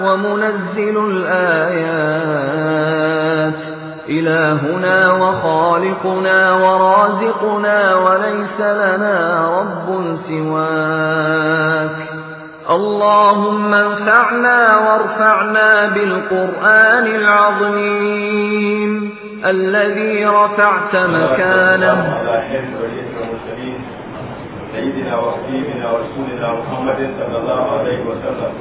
ومنزل الآيات إلهنا وخالقنا ورازقنا وليس لنا رب سواك اللهم انفعنا وارفعنا بالقرآن العظيم الذي رفعت مكانه سيدنا وحبيبنا ورسولنا محمد صلى الله عليه وسلم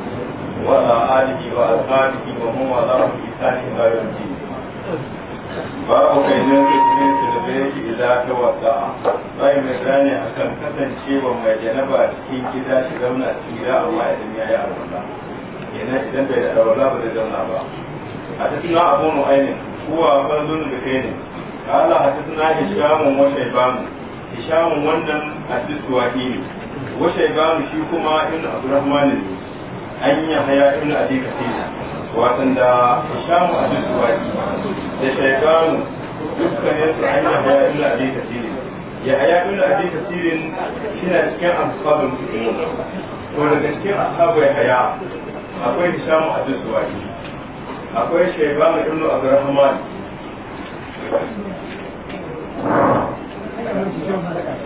وعلى آله وأصحابه ومن والاه بإحسان إلى يوم الدين babu kai nan cikin silbeci ila ta wata bai mai gane akan kasancewa mai janaba cikin gida shi zauna cikin gida amma idan ya yi alwala idan bai da alwala ba zai zauna ba a tattuna abu mu ainin kowa ban zunu da kai ne kala a tattuna hishamun wa shaibanu hishamun wannan hadisuwa ne wa shaibanu shi kuma ibnu abdurrahman ne an yi haya ibn abi kasir watan da hisham abi suwaki da shaytanu dukkan yasu an yi haya ibn abi kasir ya haya ibn abi kasir shine cikin ashabul muslimin to daga cikin ashabu ya haya akwai hisham abi suwaki akwai shaybanu ibn abdurrahman Thank you.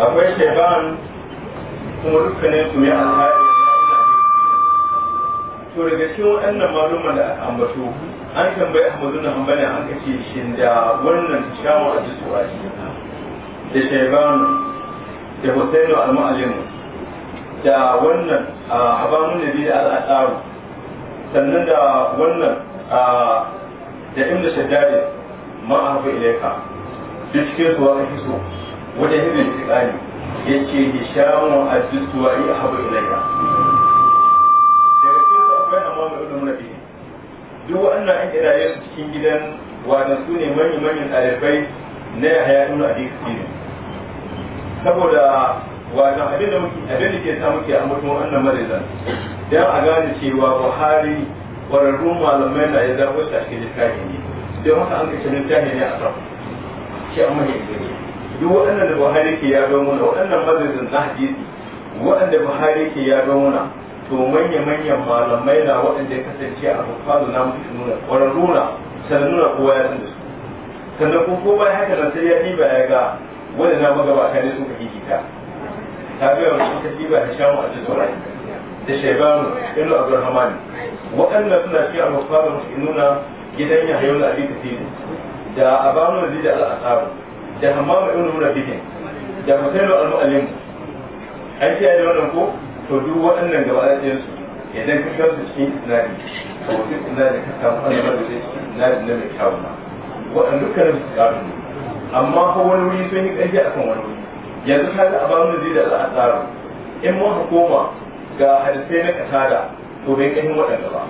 akwai shaiban kuma dukkanin su ya alhari to daga cikin waɗannan maluma da aka ambato an tambayi ahmadu na hambali an ka ce shin da wannan shawon a ji tsoraci da shaiban da hussainu al-mu'allimu da wannan a habamun nabi al al'adaru sannan da wannan da inda shaddari ma'arfa ilaika duk cikin su wa kake so wani hibin tiƙani ya ce hishamu a jisuwa yi a haɓu ilayya daga cikin su akwai amma mai ilimin duk wa'annan an cikin gidan wadda su ne manyan ɗalibai na a saboda wadda muke ke marizan a gane cewa Buhari ƙwararrun malamai na ya zaɓo shi a cikin littafi ne don haka an littafi ne a sa shi an mahimmanci duk waɗannan da buhari ke ya muna waɗannan madadin na hadisi waɗanda buhari ke ya muna to manya-manyan malamai na waɗanda ya kasance a fafalu na mutu nuna ƙwararru na sannan nuna kowa ya san da su sannan kuma ko ya haka nan sai ya ɗiba ya ga wanda na magabata ne suka ka hikita ta biya wani suka ɗiba ya sha mu a jizurai da shaibanu ibnu abdurrahman waɗannan suna a al ke nuna gidan yahya ibn abi kathir da abanu da al-asab da hamama ibn murabihin da husainu al-mu'allim an sai da wannan ko to duk waɗannan gaba cikin su idan ka kawo su cikin isnadi to wasu isnadi ka samu annabar da cikin isnadi na mai kyawu na waɗanda dukkanin su kawo amma ko wani wuri sun yi ƙarfi akan wani wuri yanzu ka ga mu zai da tsara in mun hukuma ga hadisai na kasada to bai ƙarfin waɗanda ba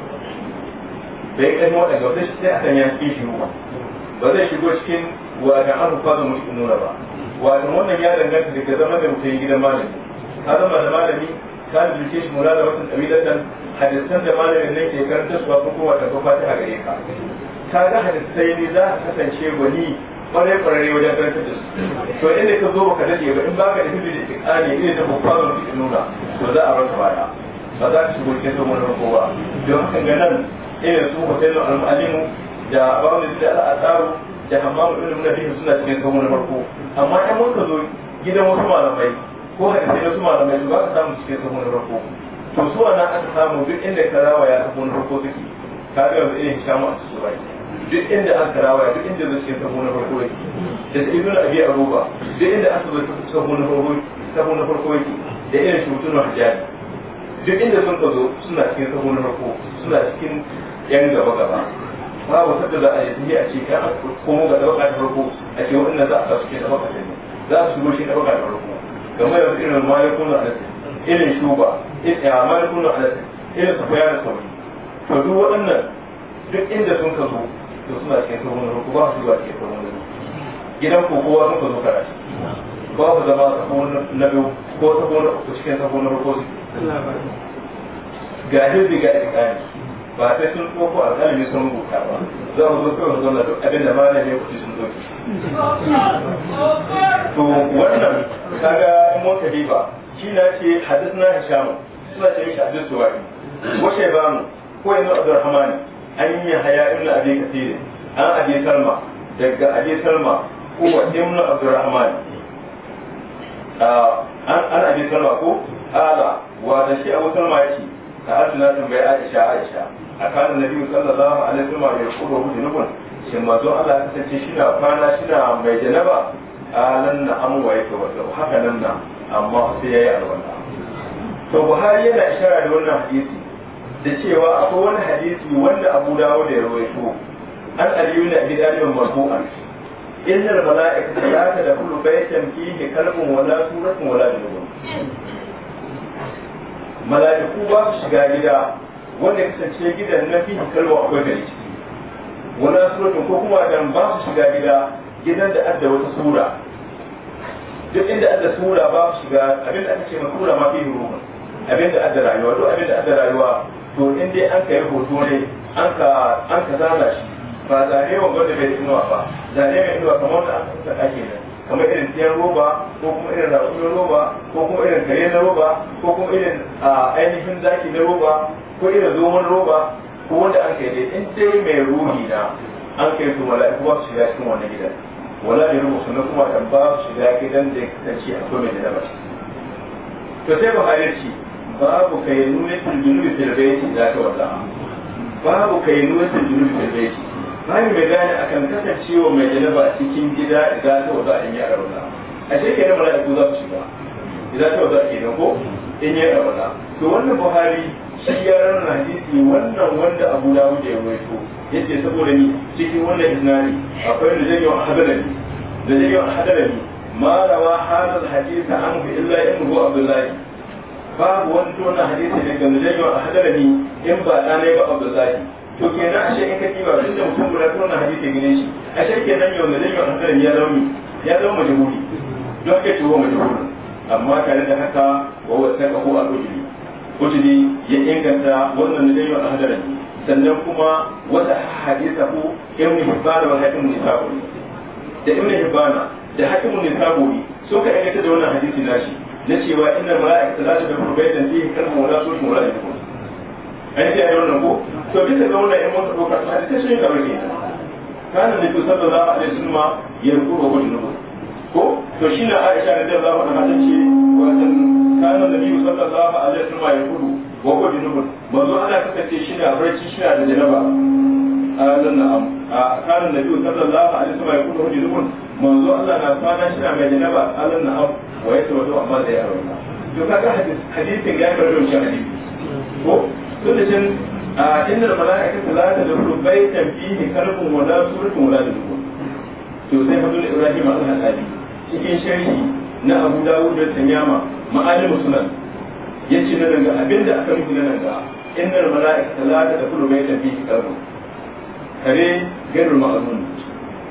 bai ƙarfin waɗanda ba sai a sanya fi shi ruwa ba zai shigo cikin wajen an rufa da mutum nuna ba wani wannan ya danganta daga zama da mutum gidan malami ka zama da malami ka jirke shi mula da wata ɗabilatan hadisan da malamin nan ke karanta su ko kuma ta kofa ta gare ka ka ga hadisai ne za ka kasance gwani kwarai kwarai wajen karanta su to inda ka zo ka daɗe ba in ba ka da hibbi da itikani ne da babban mutum nuna to za a rasa baya ba za ka shigo cikin zama na kowa don haka ga nan irin su hotel al-alimu da abamu da al'asaru da hammamu na munafiq suna cikin kawo na farko amma in mun ka zo gidan wasu malamai ko da na wasu malamai ba ka samu cikin kawo na farko to su wannan aka samu duk inda ka rawa ya kawo na farko suke ka ga yanzu irin shamu a cikin bai duk inda aka rawa duk inda zai cikin kawo na farko yake da ibn abi aruba duk inda aka zo kawo na farko kawo na farko yake da irin shutun hajjaji duk inda sun ka zo suna cikin kawo na farko suna cikin yan gaba gaba ba wata da za a yi a ce ka komo ga tabaka ta farko a ce waɗanda za a sa suke tabaka ta ne za su shigo shi tabaka ta farko game da irin malikun anas irin shuba a malikun anas irin su koyar da sauri to duk waɗannan duk inda sun ka zo to suna cikin sauran farko ba su zuwa cikin sauran farko gidan ko kowa sun ka zo karatu ba su zama sabon na biyu ko sabon na uku cikin sabon na farko su ga hirbi ga kayan. ba sai sun tsoko a zalimi sun rubuta ba za mu zo kawai zauna duk abin da malam ku ci sun zoki to wannan kaga in mun shi na ce na hisham suna ce mishi hadis suwai wace ba mu ko yanzu abdurrahman an yi haya ibn abi kathir an abi salma daga abi salma ko ibn abdurrahman an abi salma ko ala wa da shi abu salma yake ka asina tambayi aisha kana nabi sallallahu alaihi wasallam ya kuro mu junubun shin manzon Allah ya kasance shi na kwana shi na mai janaba alan na amwa yake wato haka nan na amma sai yayi alwala to Buhari yana ishara da wannan hadisi da cewa akwai wani hadisi wanda Abu Dawud ya rawaito an aliyu na abi dalibin marfu'an innal mala'ikata la tadkhulu baytan fihi kalbun wala suratun wala jinun mala'iku ba su shiga gida wanda kasance gidan na fi kalwa akwai gari wani suratun ko kuma dan ba su shiga gida gidan da adda wata sura duk inda adda sura ba su shiga abin da aka ce mai sura ma fi ruwa abin da adda rayuwa duk abin da adda rayuwa to in dai an kai hoto ne an ka an ka zana shi ba zane wanda da bai inuwa ba zane mai inuwa kamar da aka ake kenan kamar irin tiyan roba ko kuma irin rafin roba ko kuma irin kare na roba ko kuma irin ainihin zaki na roba ko ina zo wani roba ko wanda an kai dai in dai mai ruhi na an kai su mala'iku ba su shiga cikin wannan gidan wala ne rubu sunan kuma dan ba su shiga gidan da ya kasance a kome da mace to sai ba halarci babu kai nuna da filbaiti za ta wata babu kai nuna turjunu filbaiti bayan mai gane akan kasancewa mai janaba cikin gida idan ta wata in yi rauna a shekarar mala'iku za su shiga idan ta wata ke ko in yi rauna to wannan buhari shi ya ran hadisi wannan wanda Abu da yawai rawaito yace saboda ni cikin wannan isnadi akwai da zai yi wa hadalani da zai yi wa hadalani ma rawa hadal hadisi an bi illa ibnu abdullahi babu wani tona hadisi daga zai yi wa hadalani in ba dane ba abdullahi to kenan ashe in ka ba duk mutum guda tona hadisi gine shi ashe kenan yau zai yi wa hadalani ya zauni ya zama majhuli don ka ciwo majhuli amma tare da haka wa wasaka ko al-ujri kutubi ya inganta wannan da yawa hadarin sannan kuma wata hadisa ko ibn hibana wa hakim nisaburi da ibn hibana da hakim so suka inganta da wannan hadisi nashi na cewa inna ma ikhtalafa bi furbaydan fihi kalmu wala sulhu wala yakun an ji ayon wannan ko to bisa ga wannan in mutu ko ka hadisi shi yi kamar ne kana ne to sallallahu alaihi wasallam ya rubuta ku. ko to shi ne aisha da zai zama da ce wajen kanan da biyu sallallahu alaihi wasallam ya kudu wa ko dinubun manzo ana ce shi a barci shi na a janaba na na'am a kanan da biyu sallallahu alaihi wasallam ya kudu wa dinubun manzo Allah na kwana shi na a janaba na amu wa ya tawato amma da ya rauna to kaga hadisin ya karbi shi hadisi ko to da shin inda mala'ikatu la tadkhulu baytan fihi qalbun wala suratun wala nurun to sai hadul ibrahim al-hadi cikin sharhi na abu dawud da tanyama musulman ya ce na daga abinda aka nufi na ta lada da kuma mai tafi ta qalbun kare gairul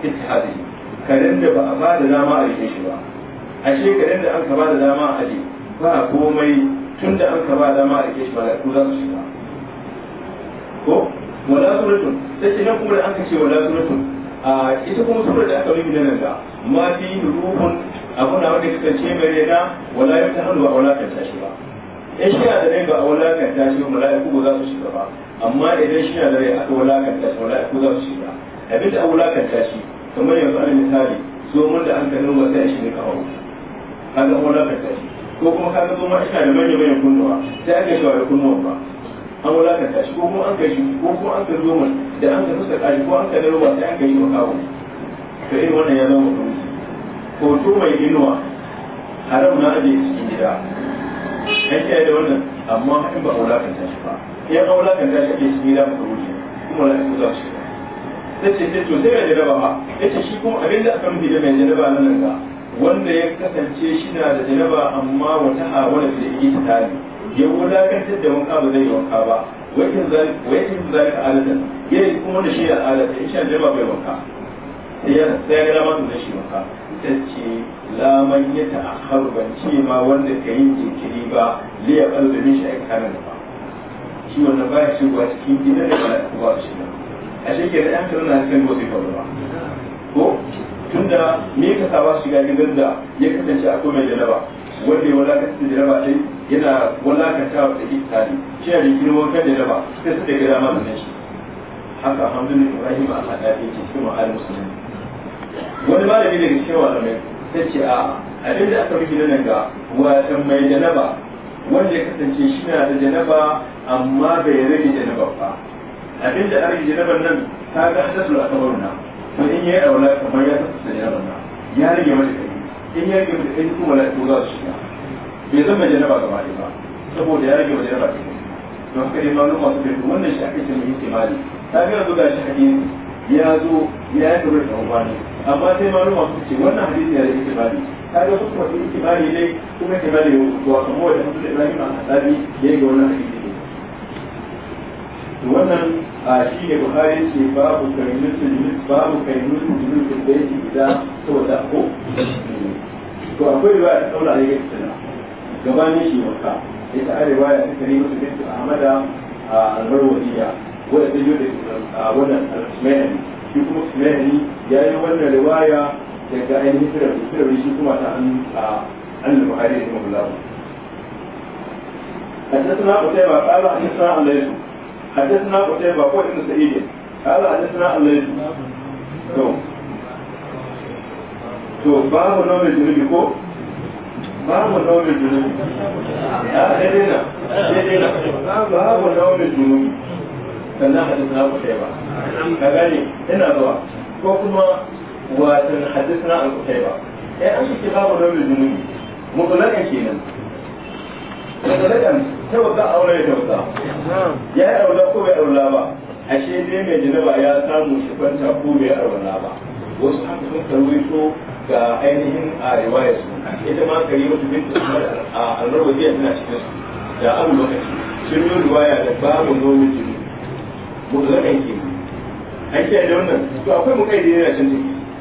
ita hadi karen da ba a ba da dama a rikin shi ba ashe karen da an ka ba da dama a aje ba komai tun da an ka ba dama a rikin shi ba ku za su shiga ko wala suratun sai ce nan kuma da an ka ce wala suratun a ita kuma surar da aka rubuta nan da ma fi ruhun abuna wanda kasance mai rena wala ya ta hannu ba wala ta tashi ba in shi da rai ba a wulakanta shi mala'iku ba za su shiga ba amma idan shi da rai aka wulakanta shi mala'iku za su shiga abin da a wulakanta shi kamar yanzu ana misali zo mun da hankalin wasa shi ne kawo kaga an wulakanta shi ko kuma kaga zo ma ina da manya manyan kunnuwa sai aka shi da kunnuwan ba an wulakanta shi ko kuma an kai shi ko kuma an kai zo mun da an ka fuska ko an ka da ruwa sai an kai shi kawo to irin wannan ya zama hukunci hoto mai inuwa haram na aje cikin gida yan kiyaye da wannan amma in ba wulakanta shi ba yan wulakanta shi ake cikin gida mu ne. kuma wulakanta za su shiga sai ce to sai mai jaraba ba yace shi kuma abin da aka nufi da mai jaraba nan ga wanda ya kasance shi na da jaraba amma wata hawala da yake tsari ya wulakantar da wanka ba zai wanka ba wakin zalika zalika alatan yayin kuma da shi al'ada in sha jaraba bai wanka sai ya gada masu da shi maka ita ce laman ya ta'akhar ban ce ma wanda ka yi jinkiri ba liya ɓal domin shi aika kamin ba shi wannan ba ya shigowa cikin gida da ba ku ba shi nan a shi ke da yan tunan na cikin gosi kawai ba ko tun da me ka sa ba shiga gidan da ya kasance a komai jalaba wanda ya wulakanta jalaba dai yana wulakanta wa tsaki tsari shi ne jikin wankan jalaba sai suka gida masu da shi haka alhamdulillah ibrahim a haɗa ke cikin ma'al musulmi wani malami daga cikin malamai ta ce a abin da aka rufe nan ga wajen mai janaba wanda ya kasance shi na da janaba amma bai rage janaba ba abin da rage janaban nan ta ga hadasul akabaru na to in yayi aula kamar ya tafi janaba nan ya rage mata kai in ya rage mata kai kuma la to za su shiga bai zama janaba ga mai ba saboda ya rage mata janaba kai don haka dai malama masu bai wannan shi ake cewa ihtimali ta ga yanzu ga shi hadisi ya zo ya yi kamar da wani amma sai ma ruwa su ce wannan hadisi ya yi kibari kaga su kuma sun kibari ne kuma kibari ya wuce wa kamar wanda mutum Ibrahim al-Hasabi ya yi ga wannan hadisi ne to wannan a shi ne Buhari ce babu kainun sujud babu kainun sujud da ya ci gida saboda ko to akwai riwaya ta A ne ga tsana gabanin shi makka ita arewa ya ta kare musu bin Ahmada a albarwariya wanda ta yi da wannan al-Ismaili shi kuma Ismaili ya yi wannan riwaya daga ainihin firar firar shi kuma ta an al-Bukhari da Imam Lawa حدثنا قتيبة قال حدثنا عن ليس حدثنا قتيبة هو ابن سعيد قال حدثنا عن to babu nomin zunubi ko babu nomin zunubi a daidai na daidai babu sannan hadis na kusa ba ka gane ina zuwa ko kuma watan hadis na eh, an kusa ba ya an shi babu nauyin zunubi mutulakan kenan mutulakan ta wata aure da wata ya yi aula ko bai aula ba ashe dai mai jinaba ya samu shi kwanta ko bai aula ba wasu haka sun tarwito ga ainihin a riwaya su ita ma kare wata binta su a alrawar tana cikin su da abu lokaci sun yi riwaya da babu nauyin zunubi da kenan an kiyaye da wannan to akwai da yana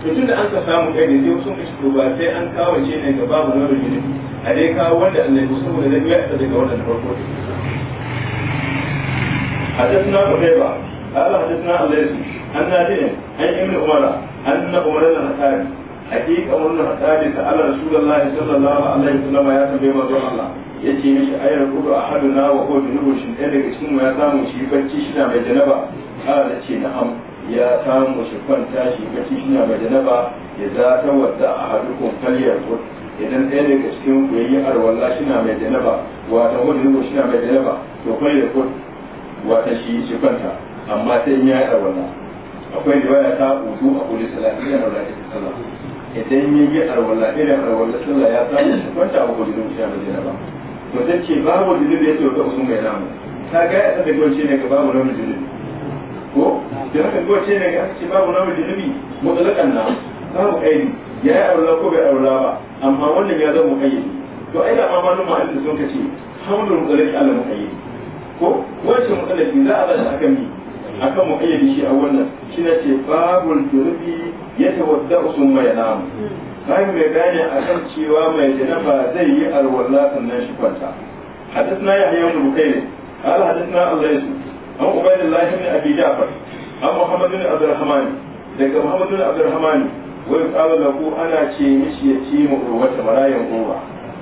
to tunda an ka samu kai sai wasu kashi to ba sai an kawo shi ne ga babu na a dai kawo wanda Allah ya da ya ga wannan farko حدثنا قتيبة قال حدثنا الليث ابن عمر أن عمر بن الخطاب بن الخطاب سأل رسول الله صلى الله عليه وسلم يا سبيل الله ya ce mishi ayar kudu a hadu na wa kudu nuhu shi ɗaya daga cikin ya samu shi barci shi na mai janaba da ce ham ya samu shi kwanta shi barci shi na mai janaba ya za ta wadda a hadu kun kalliyar kudu idan ɗaya daga cikin ku yayi arwalla shi na mai janaba wata kudu nuhu shi na mai janaba to faliyar kudu wata shi shi kwanta amma sai in ya yi arwalla akwai riwaya ta udu a kudu salati da arwalla ta sallah idan ya yi arwalla irin arwalla sallah ya samu shi kwanta a kudu nuhu shi na mai janaba mutum ce babu da ya ce wata usun ya namu ta ga ya tsada gwanci ne ga babu namun zunubi ko da haka gwanci ne ga ce babu namun zunubi mutsalakan na babu kaini ya yi aurela ko bai aurela ba amma wannan ya zama kaini to ai da ma malum ma'alin sun ka ce hamdul mutsalaki ala mukayyidi ko wancan mutsalaki za a ba shi akan bi akan mukayyidi shi a wannan shi na ce babu zunubi ya tawadda usun mai namu bayan mai bayani akan cewa mai janaba zai yi alwala sannan shi kwanta حدثنا يحيى بن بكير قال حدثنا الليث عن عبيد الله بن ابي جعفر عن محمد بن عبد الرحمن لك محمد بن عبد الرحمن ويقال له انا شيء مشي يتيم عروه مرايا عروه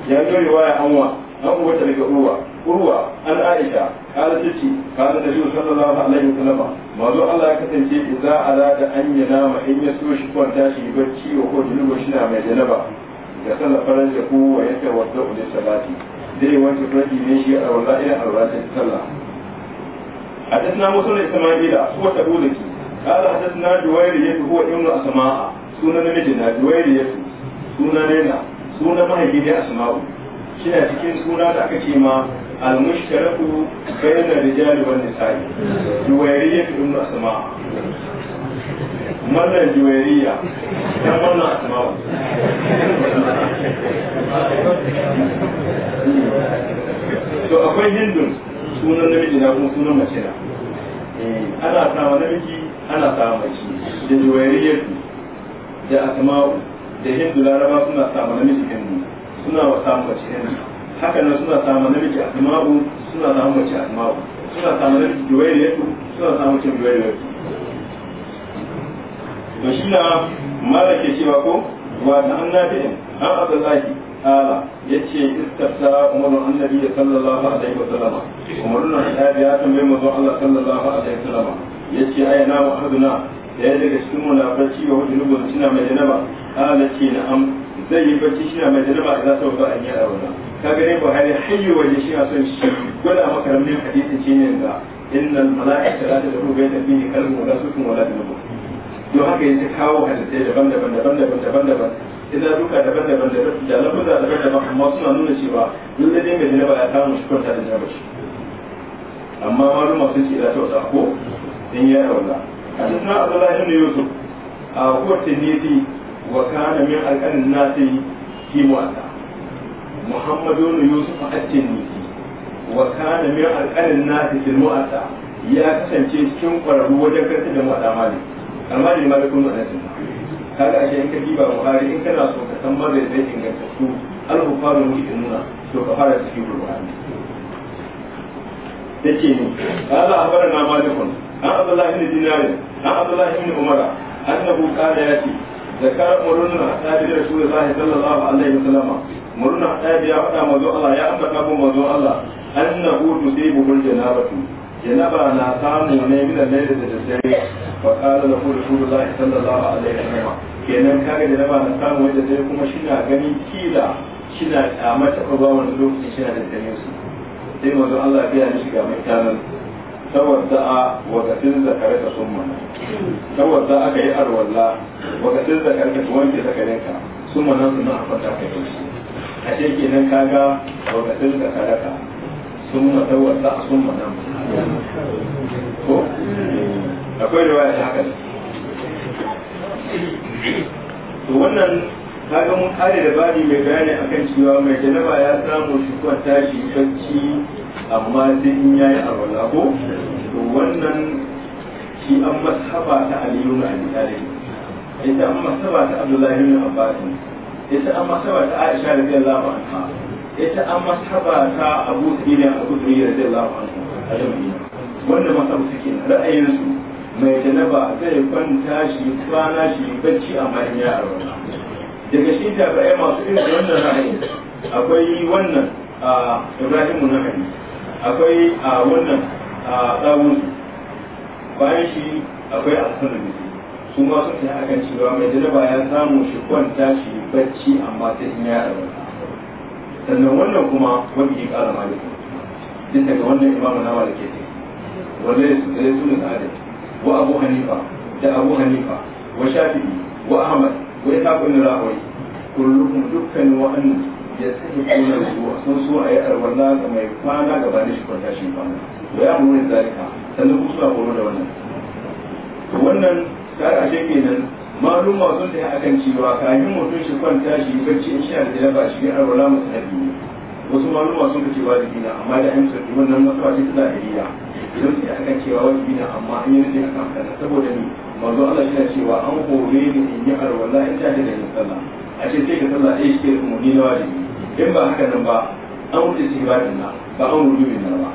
يعني روايه عنوه an uwata daga uwa urwa an aisha kala ta ce kala da shiwu sallallahu alaihi wasallama mazo Allah ya kasance idza arada an yanama in ya so shi kwanta shi bacci wa ko jinuba shi na mai janaba ya sallar faran da ku wa yanta shi a حدثنا موسى بن اسماعيل تقولك قال حدثنا جويرية هو ابن أسماء سنن مجنة جويرية سنن لنا سنن ما هي أسماء shi a cikin suna da aka ce ma al-mushtaratu bayna rijali wan nisa'i juwayriya ibn asma mallan juwayriya ta wannan asma to akwai hindun sunan namiji na kuma sunan mace na eh, ana sawa namiji ana sawa mace da juwayriyatu da asma'u da hindu laraba suna sawa namiji hindun suna samun mace ne haka nan suna samun namiji dimagu suna samun mace dimagu suna samun namiji juwairiyatu suna samun mace juwairiyatu to shi na mara ke cewa ko wa ta an biyan an ala ya ce istafta umarun annabi sallallahu alaihi wa sallama umarun annabi ya tambaye manzon Allah sallallahu alaihi wa sallama ce aya na mu haduna daya daga cikin munafiki wa rubuta suna mai janaba ala ce na am zai yi bacci shi na mai a za su ba a yi wannan ka gane buhari hayyu waje shi a son shi gwada maka ramin hadisin shi ne da inna mala'ika la bai bayna fihi kalmu la sukun wala dubu to haka yake kawo hadisai daban-daban daban-daban daban-daban idan duka daban-daban da lafuza daban-daban amma suna nuna cewa lalle dai mai jaraba ya kawo shi kwanta da jaraba shi amma malum sun ce da tausa ko in ya a cikin abdullahi ibn yusuf a kowace nisi وكان من أقل الناس في مؤتى محمد بن يوسف التنيسي وكان من أقل الناس في المؤتى ya kasance cikin kwararru wajen karfi da maɗa mali amma ne mali kuma da sinna kaga ashe in ka diba buhari in kana so ka san mabe zai inganta su al-bukhari nuna to ka fara cikin buhari yace ni kaza abarna malikun an abdullahi bin dinar an abdullahi bin umara annahu qala zakar murunna ta bi rasulullahi sallallahu alaihi wasallam murunna ta bi ya fada manzo Allah ya ambata mu manzo Allah annahu tusibu bil janabati janaba na samu ne bi da ne da dare wa qala lahu rasulullahi sallallahu alaihi wasallam kenan kaga janaba na samu wanda dare kuma shina gani kila shina a mata ko ba wani lokaci da dare sai manzo Allah ya bi shi ga mai kanan توزع وكتل ذكرك ثم توزع كي أرولا وكتل ذكرك وانت ذكرك ga نظم أحفتك أشيء كنا كاغا وكتل ذكرك ثم توزع ثم نظم akwai riwaya ta haka to wannan kaga mun kare da bani mai bayani akan cewa mai janaba ya samu shi kwanta shi bacci amma sai in yayi alwala ko to wannan shi an masaba ta aliyu na abdullahi ita an masaba ta abdullahi bin abbas ita an masaba ta aisha radiyallahu anha ita an masaba ta abu sa'id al-khudri radiyallahu anhu ajma'in Wannan masabu suke ra'ayin su mai janaba zai kwanta shi kwana shi bacci amma in ya alwala daga shi ta da masu irin wannan ra'ayi akwai wannan a na hadisi akwai a wannan a tsawon bayan shi akwai alfanu da su ma sun ta akan cewa mai jaraba ya samu shi kwanta shi bacci amma ta in ya rabu sannan wannan kuma wani ya kara malik din daga wannan imamu nawa da ke wallahi su da su da adam wa abu hanifa da abu hanifa wa shafi'i wa ahmad wa ishaq ibn rawi kulluhum dukkanin wa'annan ya sake kuna ruwa sun so a yi arwana ga mai kwana gaba da shi kwanta shi kwana to ya muni zalika sannan kuma suna horo da wannan to wannan a ce kenan malum ma sun da akan cewa kayan mutum shi kwanta shi bacci in sha da ba shi arwana musu hadi ne wasu malum sun kace wajibi na amma da an sarki wannan masuwa ce da zahiriya idan sai akan cewa wajibi na amma an yi rufe akan kana saboda ni manzo Allah shi cewa an hore ni in yi arwana in sha da yin sallah a ce sai ka sallah ɗaya eh, shi ke ni na wajibi in ba haka nan ba an wuce shi ba din nan ba an wuce shi nan ba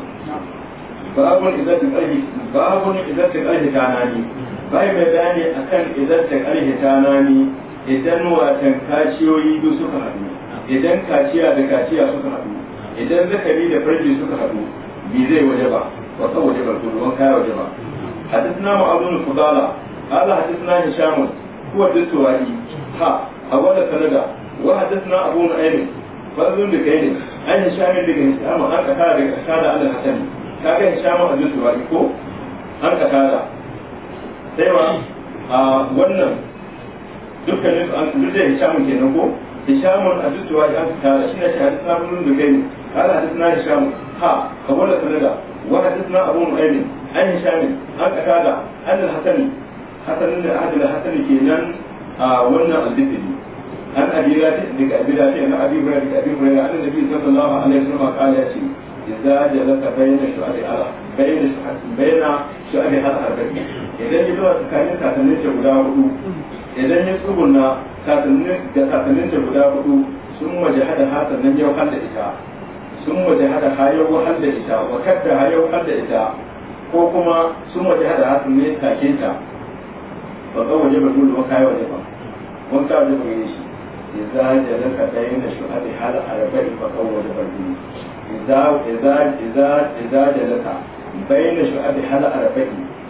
babun izatin ƙarfi babun izatin ƙarfi ta nani bai mai bayani akan izatin ƙarfi ta nani idan watan kaciyoyi duk suka haɗu idan kaciya da kaciya suka haɗu idan zakari da farji suka haɗu bi zai waje ba ba san waje ba kuma ka yi waje ba hadisi na ma'azunin fudala ala hadisi na hishamun kuwa duk turaɗi ha a wadda kanada wa hadisi na abu na aimin fadlun da kai ne an yi hishamin daga hisamu an kasa daga kasa da Allah hasan kaga hisamu a zuciya ko an kasa da sai ma a wannan dukkanin an duk da hisamun kenan ko hisamun a zuciya an kasa da shi ne shahadatu na fadlun da kai ne kala hadisna hisamu ha kamar da sanada wa hadisna abu nu'aymin an yi hishamin an kasa da an hasan hasan da ahad al-hasan kenan a wannan al-bidri an abi rafi daga abi rafi an abi da daga abi hurairah an nabi sallallahu alaihi wasallam qala ya ce idza jalaka bayna shu'abi ala bayna shu'abi bayna shu'abi ala arba'in idan ya zuwa tsakanin da ta guda hudu idan ya tsubunna da kasannin guda hudu sun waje hada hasan nan yau har da ita sun waje hada hayar wahal da ita da da ita ko kuma sun waje hasan ba ba ba waje ba ba إذا جلس بين شهدها الأربع فطول بدني إذا إذا إذا إذا جلس بين شهدها الأربع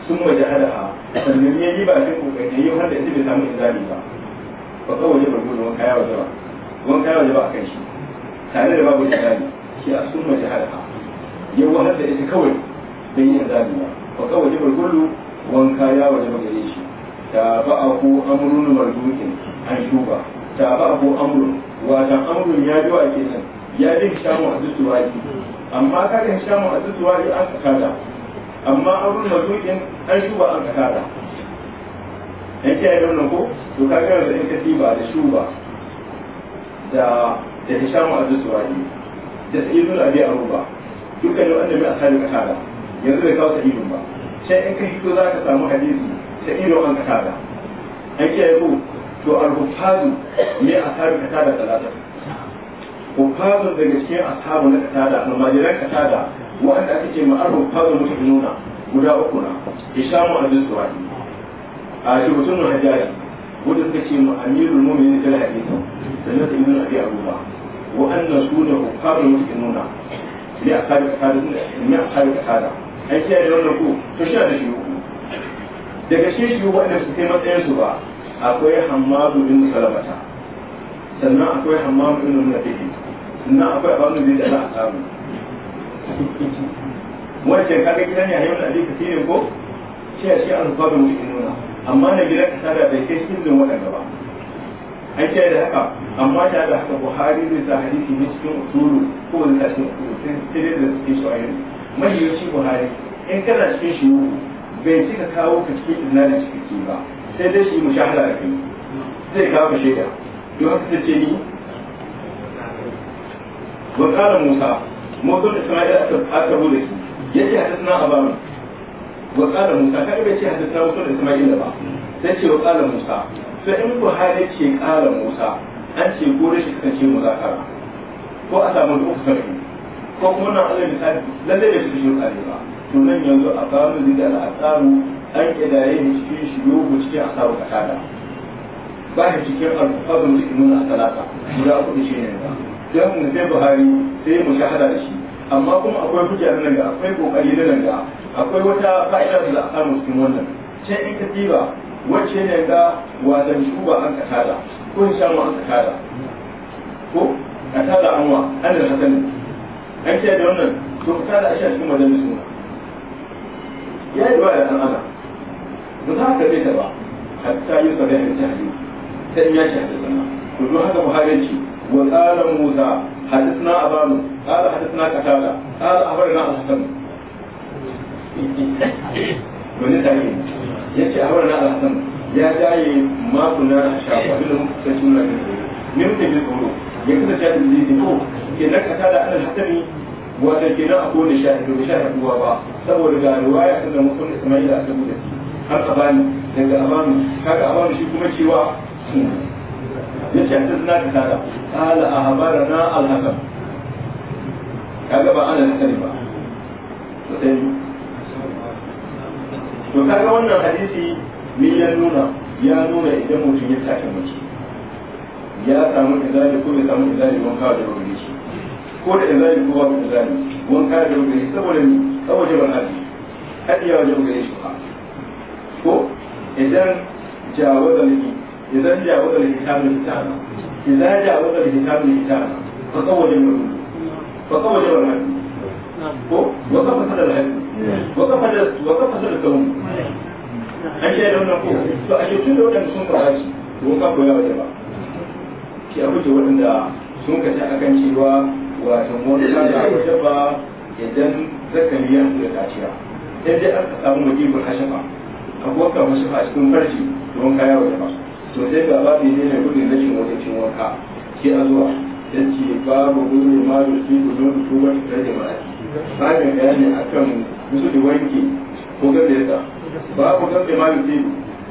ثم جهدها sannan ya yi ba shi kokari ya har da ita bai samu izali ba ba kawai waje barbu wanka ya waje ba wanka ya waje ba a kan shi tare da babu izali shi a sun mace harha ya wahar da ita kawai yi ba ba waje wanka ya waje ba shi da ba a ko amurun mardukin an shuba taba ko amru wajen amru ya ji wa san ya ji shamu azuzuwari amma kaga shamu azuzuwari an ka kada amma amrun mazukin an shuba an ka kada in kiyaye da wannan ko to ka ga da in ba da shuba da da hishamu azuzuwari da sayyidul abi aruba dukkan wanda bai asali ka kada yanzu bai kawo sa'idun ba sai in ka hito za ka samu hadisi ido an kada an kiyaye ko to al-hufazu ne ashabu da talata hufazu daga cikin ashabu na katada almajiran katada wanda aka ce ma mutu hufazu nuna guda uku na hishamu aziz suwadi a shubutun hajjari wanda suka ce ma amirul mu'minin da hadisi sannan sai ibn abi abuba wa anna sunna hufazu nuna ne ashabu katada ne ashabu katada ai sai da wannan ku to shi da shi daga shi shi wanda su kai matsayin su ba akwai hamadu bin salamata sannan akwai hamadu bin nafi'i sannan akwai abanu da za a samu wancan kaga gidan ya hayyar da kasirin ko shi a shi an zuwa da mutum nuna amma na gidan ka sada bai kai sirrin waɗanda ba an ce da haka amma ta da haka buhari zai sa hadisi ne cikin usulu ko wani sa cikin usulu sai dai da suke shi a yanzu mahimmanci buhari in kana cikin shi bai cika kawo ka cikin da cikin ba sai musa shi mushahada da kai zai kawo ta ce ni musa musa shi yace wa musa kada bai ce hadathna musa da isma'il ba sai ce wa musa sai in buhari ce kala musa an ce ko ce kasance muzakara ko a samu da sarki ko kuma na Allah misali lalle da shi shi ba to nan yanzu a samu zai da al'adaru an kidaye cikin shiyuhu cikin asabu kasada ba shi cikin alfazun da nuna asalata guda kuɗi shi ne ba don mu sai buhari sai mu shahada da shi amma kuma akwai hujja na nan ga akwai kokari na nan ga akwai wata fa'ida da a samu cikin wannan ce in ka tiba wacce ne ga wasan shuba an kasada ko in shamu an kasada ko kasada an wa an da hasanin an ce da wannan to kasada a shi a cikin majalisun ya yi ba da ɗan Allah. ba za ka ta ba hatta yi sabai a jihari sai ya ce hadisa na ku zo haka buhari ce wa tsara musa hadisna abanu tsara hadisna katada tsara abarna alhassan wani tare ya ce na alhassan ya jaye makuna a shafa da muka kusa shi muna gani ne muke bi tsoro ya kusa oh, shi hadin zai to ke na katada an alhassani wata ke na a kowane shahidu da shahiduwa ba saboda ga ruwaya kan da mutum ismaila a saboda shi har abani daga abanu kaga abanu shi kuma cewa ya ce hadis na kada qala ahbarana al-hasan kaga ba ana sani ba to sai to kaga wannan hadisi ni ya nuna ya nuna idan mutum ya tashi mace ya samu izali ko bai samu izali wanka da rubiri shi ko da izali ko babu izali wanka da rubiri saboda saboda ban hadi hadi ya wajen gare shi ba ko idan jawo da liki idan jawo da liki ta mun ta idan jawo da liki ta mun ta fa kawaje mun fa kawaje mun ko wa ka fasara da ko ka fasara ko ka da an shi da wannan ko to a cikin da wannan sun fara shi ko ka koya wa ba ki abu ce wanda sun kace akan cewa wato mun ta da ba idan zakariya da kaciya idan aka samu mujibul ba. a boka musu a cikin farji don kaya wa da to sai ga ba ne ne gudun rashin wajen wanka ke a zuwa don ba babu gudun ma da su gudun ta da ba babin bayani a kan musu da wanki ko gabe da babu gabe ma da su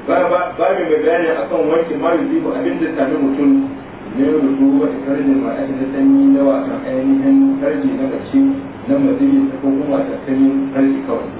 ba mai bayani a kan wanki ma da su abin da tafi mutum ne rubu wata karni ma ake na sanyi na wasan ainihin karni na gaci na mazini ko kuma ta sanyi karni kawai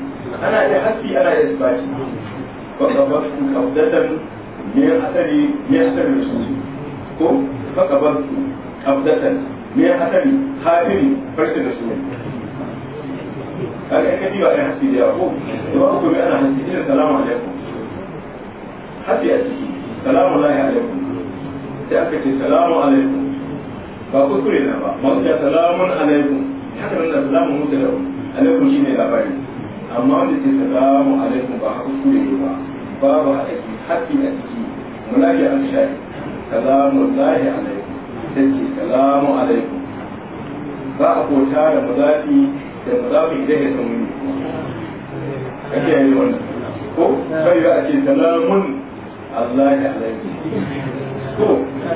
ana da hafi ana da zubaci ba ka ba su kabdatan ne hasari ne hasari su ko ba ka ba su kabdatan ne hasari hafin farce da su kaga in ka diba ai hafi da yawa ko to ba ku ana hafi ina salamu alaikum hafi a ciki salamu alaikum sai aka ce salamu alaikum ba kuskure na ba ma salamun alaikum haka nan da salamun mutu da alaikum shine labari amma wanda ke salamu alaikum ba haka su ne ba babu haƙi haƙi a ciki mulaki an shayi salamu lahi alaikum sai ce salamu alaikum ba a kota da mazafi da mazafi idan ya samu ne kake yi wannan ko bai ba a ce salamun Allah ya alaikum to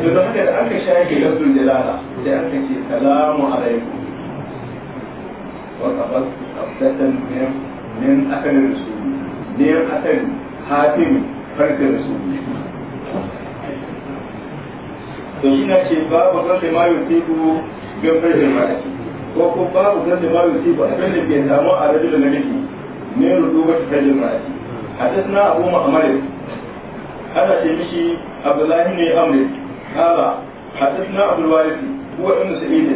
to da haka da aka shayi lafzul jalala sai an ka ce salamu alaikum wa qabas qabdatan min min asalin rasuli min asalin hatim farkar rasuli to shi na ce babu wanda ma yau teku gan farkar ma'aiki ko ko babu wanda ma yau teku abin da ke samu a na حدثنا أبو معمر هذا تمشي عبد الله بن عمرو قال حدثنا عبد الوارث هو ابن سعيد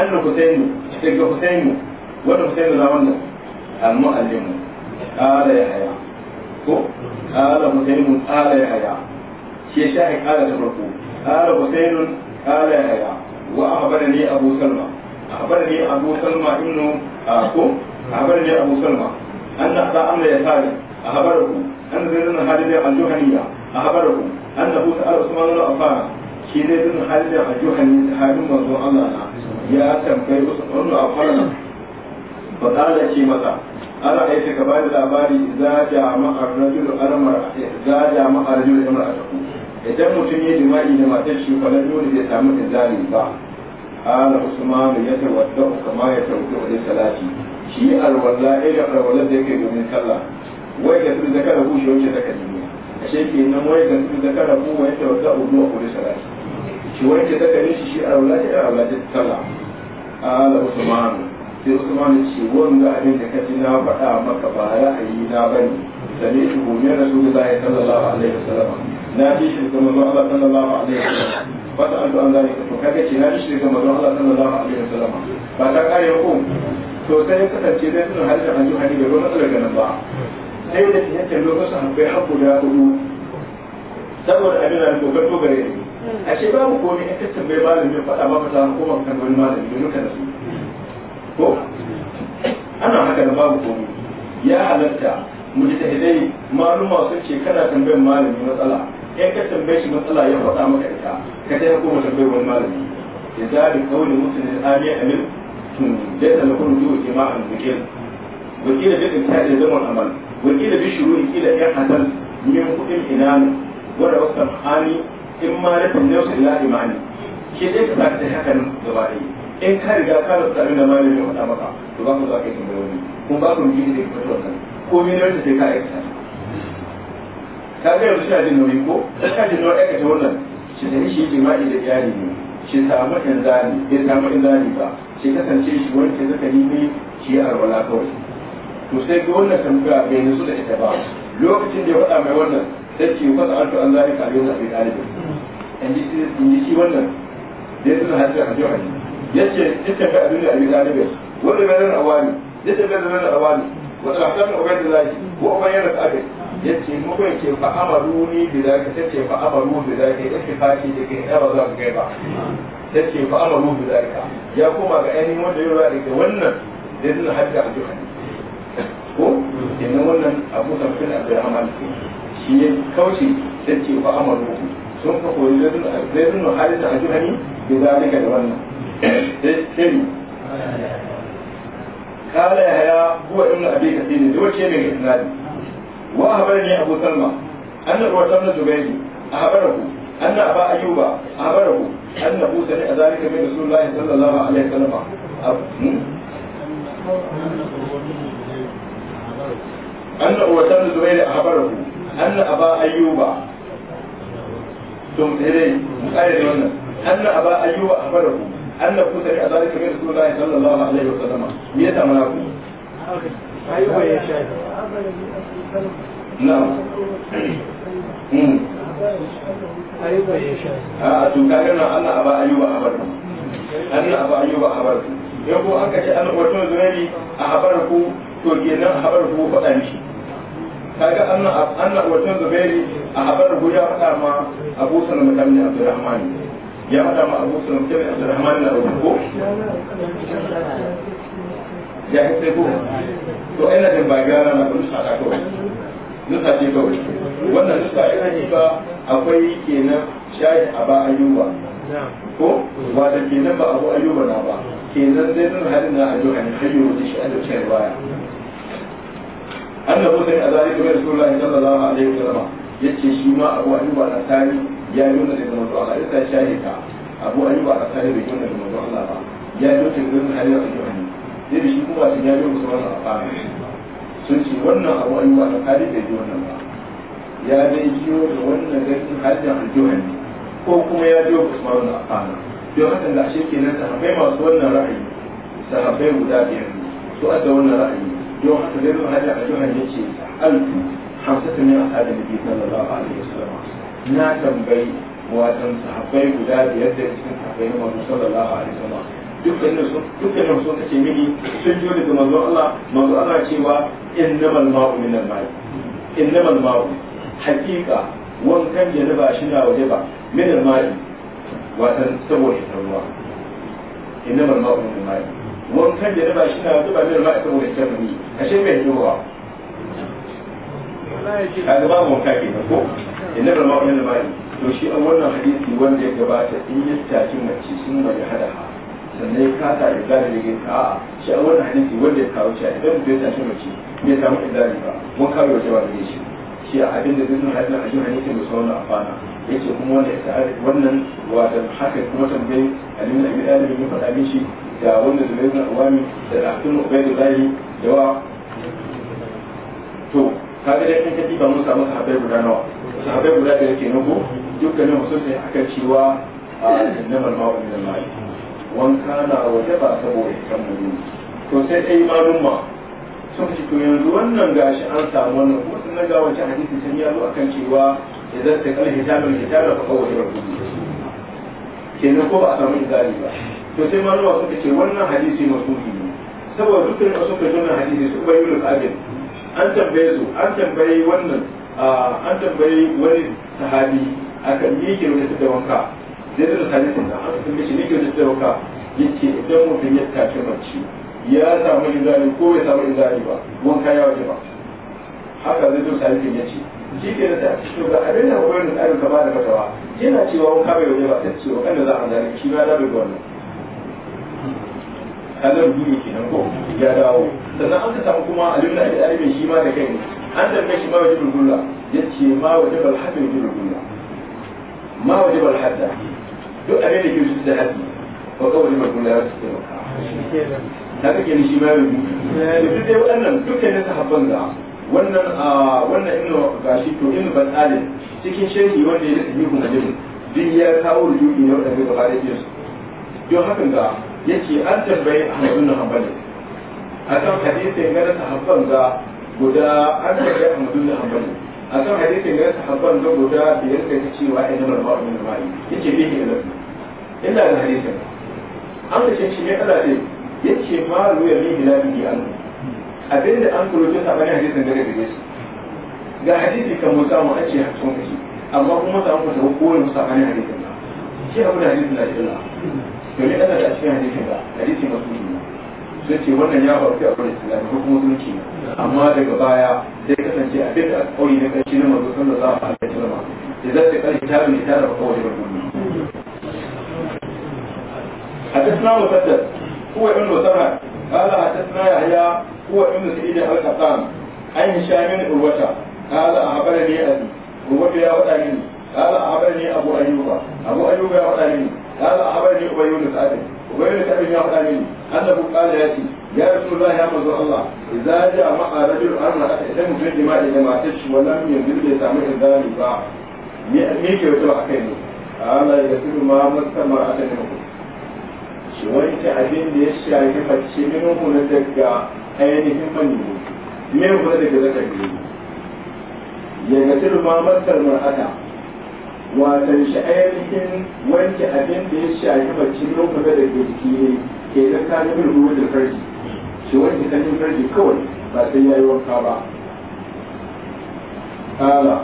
أن حسين تلك حسين وأن حسين الأمر المؤلم قال يحيى ko qala husaynun qala yahya shi shahi qala da farko qala husaynun qala yahya wa akhbarani abu salma akhbarani abu salma ibnu ko akhbarani abu salma anna aba amr yasari akhbarahu anna zaid bin khalid al-juhaniya akhbarahu annahu sa'ala usman bin affan shi zaid bin khalid al-juhani sahabin manzon Allah ya ba ƙara ce masa ana aiki ka ba da labari za da ma'ar rajul almar za da idan mutum ya jima'i da matar shi fa lalle ne zai samu ba ala usman ya tawadda kama ya tawadda wa salati shi alwala ila alwala da yake domin sallah wai da sun ku shi wace zakari ne ashe kenan wai da sun zakara ku wai tawadda wa salati shi wace zakari shi shi alwala ila alwala da sallah ala usman sai usman ce abin da kaji na faɗa maka ba ra'ayi na bane sami sallallahu alaihi wasallam na ji shi kuma Allah sallallahu alaihi wasallam an kaga ce na ji shi kuma Allah sallallahu alaihi wasallam ba ta kare ko to sai ya kasance sun an ji ganin ba sai da lokacin da hudu saboda abin da ko gato gare ni hmm. babu komai malamin faɗa ta kan wani malami da nuka da su ko ana haka da babu komi ya halatta mujtahidai maluma sun ce kana tambayar malami matsala in ka tambaye shi matsala ya faɗa maka ita ka sai kuma tambayar wani malami ya zabi kawai mutum da ali amin tun da ta ke ma jama'an wakil wakil da bin ta da zaman amal wakil da bishuru wakil da ya hasan min kudin inanu wanda wasu tamhani in ma na tambayar su ila imani ke dai ka sa ta hakan gaba ɗaya in ka riga ka rasa abin da malami ya faɗa maka to ba ka zo aka yi tambayoyi kuma ba ka rubuce da ka fito wannan ko me ne sai ka aikata ka ga yanzu shi jin nauyi ko ka jin nauyi aikata wannan shi da shi jima'i da iyali ne shi samu inzani bai samu inzani ba shi kasance shi wani wanke yi ne shi arwala kawai to sai ga wannan tambaya bai nutsu da ita ba lokacin da ya faɗa mai wannan sai ce fasa an to an zalika ka yau da bai ɗalibin. in ji shi wannan da ya tuna hajji a hajji yace ita ka abin da abin galibin wanda bai rana awani yace bai rana awani wata da ubaidillahi ko ubayyin da aka yace mu kai ke fa amaruni bi zaka tace fa amaru bi zaka yace fashi da kai ba za ka kai ba yace fa amaru bi zaka ya koma ga ainihin wanda ya rada da wannan da yana hadda a duka ko kenan wannan abu samfin abdurrahman shi ya kauce yace fa amaru sun ka koyi da zai nuna hadda a duka ne bi zalika da wannan قال يحيى هو ابن ابي كثير ذو شيء من الاسناد واخبرني ابو سلمى ان الوتر بن زبير اخبره ان ابا ايوب اخبره انه سمع ذلك من رسول الله صلى الله عليه وسلم أن أوتر الزبير أخبره أن أبا أيوب ثم إليه أن أبا أيوب أخبره an na kusa da azali kamar da suna yin sallallahu alaihi wa sallama me ya samu naku na a to kaga nan Allah aba Ayuba ayyuba habarku Allah aba Ayuba ayyuba habarku yau ko an kace an wato zurari a habarku to kenan habarku faɗa mishi kaga anna anna wato zurari a habarku ya faɗa ma Abu Salama bin Rahman. ya faɗa ma abu sun ce mai abdurrahman na rubu ko ya yi sai ko to ina jin ba gyara na kun sa kawai nusa ce kawai wannan nusa ina ji ba akwai kenan shayi a ba ayyuba ko wata kenan ba abu ayyuba na ba kenan zai zan hadin na ne an hayyo da shi a dukkan baya annabi sai a zalika bai rasulullahi sallallahu alaihi wasallam yace shi ma abu ba da asari ya yi wannan daga manzo Allah ya shahi ka abu ayyuba al-asari bai yi wannan daga manzo Allah ba ya yi wannan daga hanyar da yake yi da shi kuma sun ya yi musu wannan ba sun ce wannan abu ba da asari bai yi wannan ba ya dai jiyo da wannan garin hajjan al-juhani ko kuma ya biyo Usman da Affan don haka da ashe nan sahabbai masu wannan ra'ayi sahabbai guda biyar su adda wannan ra'ayi don haka da mun hada a juhan yace alfu hamsatu min ashabin nabi sallallahu alaihi wasallam na tambayi watan sahabbai guda biyar da cikin sahabbai na manzo sallallahu alaihi wasallam dukkanin su dukkanin su ce mini sun jiyo daga manzo Allah manzo Allah cewa innamal ma'u min al-ma'i innamal ma'u hakika wankan ya ba shi na waje ba min al-ma'i watan saboda ita innamal ma'u min al-ma'i wankan ya ba shi na waje ba min al-ma'i saboda ita ashe mai kaga ba mu kafi na ko inna ba to shi an wannan hadisi wanda ya gabata in ya tafi mace sun mai hada sannan ya kasa izali ne a shi an wannan hadisi wanda ya kawo cewa idan tafi mace samu ba mun kawo wace ba gare shi shi a abin da zai hadin ajin da sauran afana kuma wanda ya wannan wata haka kuma ya faɗa mishi da wanda ka da dai kan ba mun samu sahabbai guda nawa sahabbai guda da yake nugo dukkanin musu sai aka cewa a ah, innamal ma'u min al-ma'i wanka na ba saboda kan mu to sai dai ma sun ce to yanzu wannan gashi an samu wannan kuma sun ga wace hadisi sun yi akan cewa idan ta kala hijabin hijabin ka kawo da kenan ko ba a samu izali ba to sai malama suka ce wannan hadisi masuhi ne saboda dukkan da suka ji wannan hadisi su bayyana abin an tambaye su an tambayi wannan an tambayi wani sahabi akan ni ke wata da wanka zai da sahabi da an tambaye shi ni ke wata da wanka yace idan mutum ya tafi mace ya samu inzali ko bai samu inzali ba wanka ya waje ba haka zai da sahabi ya ce shi ke da tafi to ga abin da wani tsarin ka ba da fatawa yana cewa wanka bai waje ba sai cewa wa kan da za a zalunci shi ba da bai wannan kalar duni kenan ko ya dawo sannan an ka samu kuma alimna da alimin shi ma da kai ne an tambaye shi ma wajen gulla ya ce ma hadda balhadda wajen gulla ma wajen hadda duk abin da ke su da hadda ba kawai wajen gulla ya su taimaka ta kake ni shi ma ya rubu duk dai waɗannan dukkanin sahabban da wannan a wannan ga shi to ban batalin cikin shehi wanda ya yi kuma jin duk ya kawo rujuki ne waɗanda gaba da su don hakan ga yace an tambaye Ahmad ibn Hanbali a kan hadisin gane sahabban ga guda an ta ga amadu da hanbali a kan hadisin gane sahabban ga guda biyar da ta cewa ai na ba abin da yace bihi da lafi illa da hadisin an da shi ne ala dai yace ma ruya bihi la bihi an da an kuro ta sabani hadisin daga gare shi ga hadisi kan mu samu an ce sun kashi amma kuma mu ta ko ne sabani hadisin ba shi abu da hadisin da shi Allah to ne ana da cikin hadisin da hadisi masu sai ce wannan ya faru warke a wani islami ko kuma mulki ne amma daga baya zai kasance a duk kauri na karshe na mazo sanda za a halaka tilma da za ta karshe ta rubuta ta rubuta kowace rubutu a tasna musaddad kuwa ibn musaddad qala a tasna ya haya kuwa ibn sa'id al-qasam an yi shamin ta qala a habara ne abi urwata ya wada mini qala a habara ne abu ayyuba abu ayyuba ya wada mini qala a habara ne ubayyu bin sa'id وغير كأن يقع مني أنه قال يأتي يا رسول الله يا منظر الله إذا جاء مع رجل أمر أحدهم في الدماء إذا ما تش ولم ينزل لي سامع الزاني باع ميك يتبع كيني قال يسير ما مست ما أتنمكم شوية عدين ليش يعني فتشي منه ندقى ainihin manyan me ku da ke zaka gani ya ga tilma masar mar'ata watan shi ainihin wanke abin da ya shafi mace lokacin da ke jiki ne ke da kalibin ruwan da farji shi wanke kanin farji kawai ba sai ya yi wanka ba kala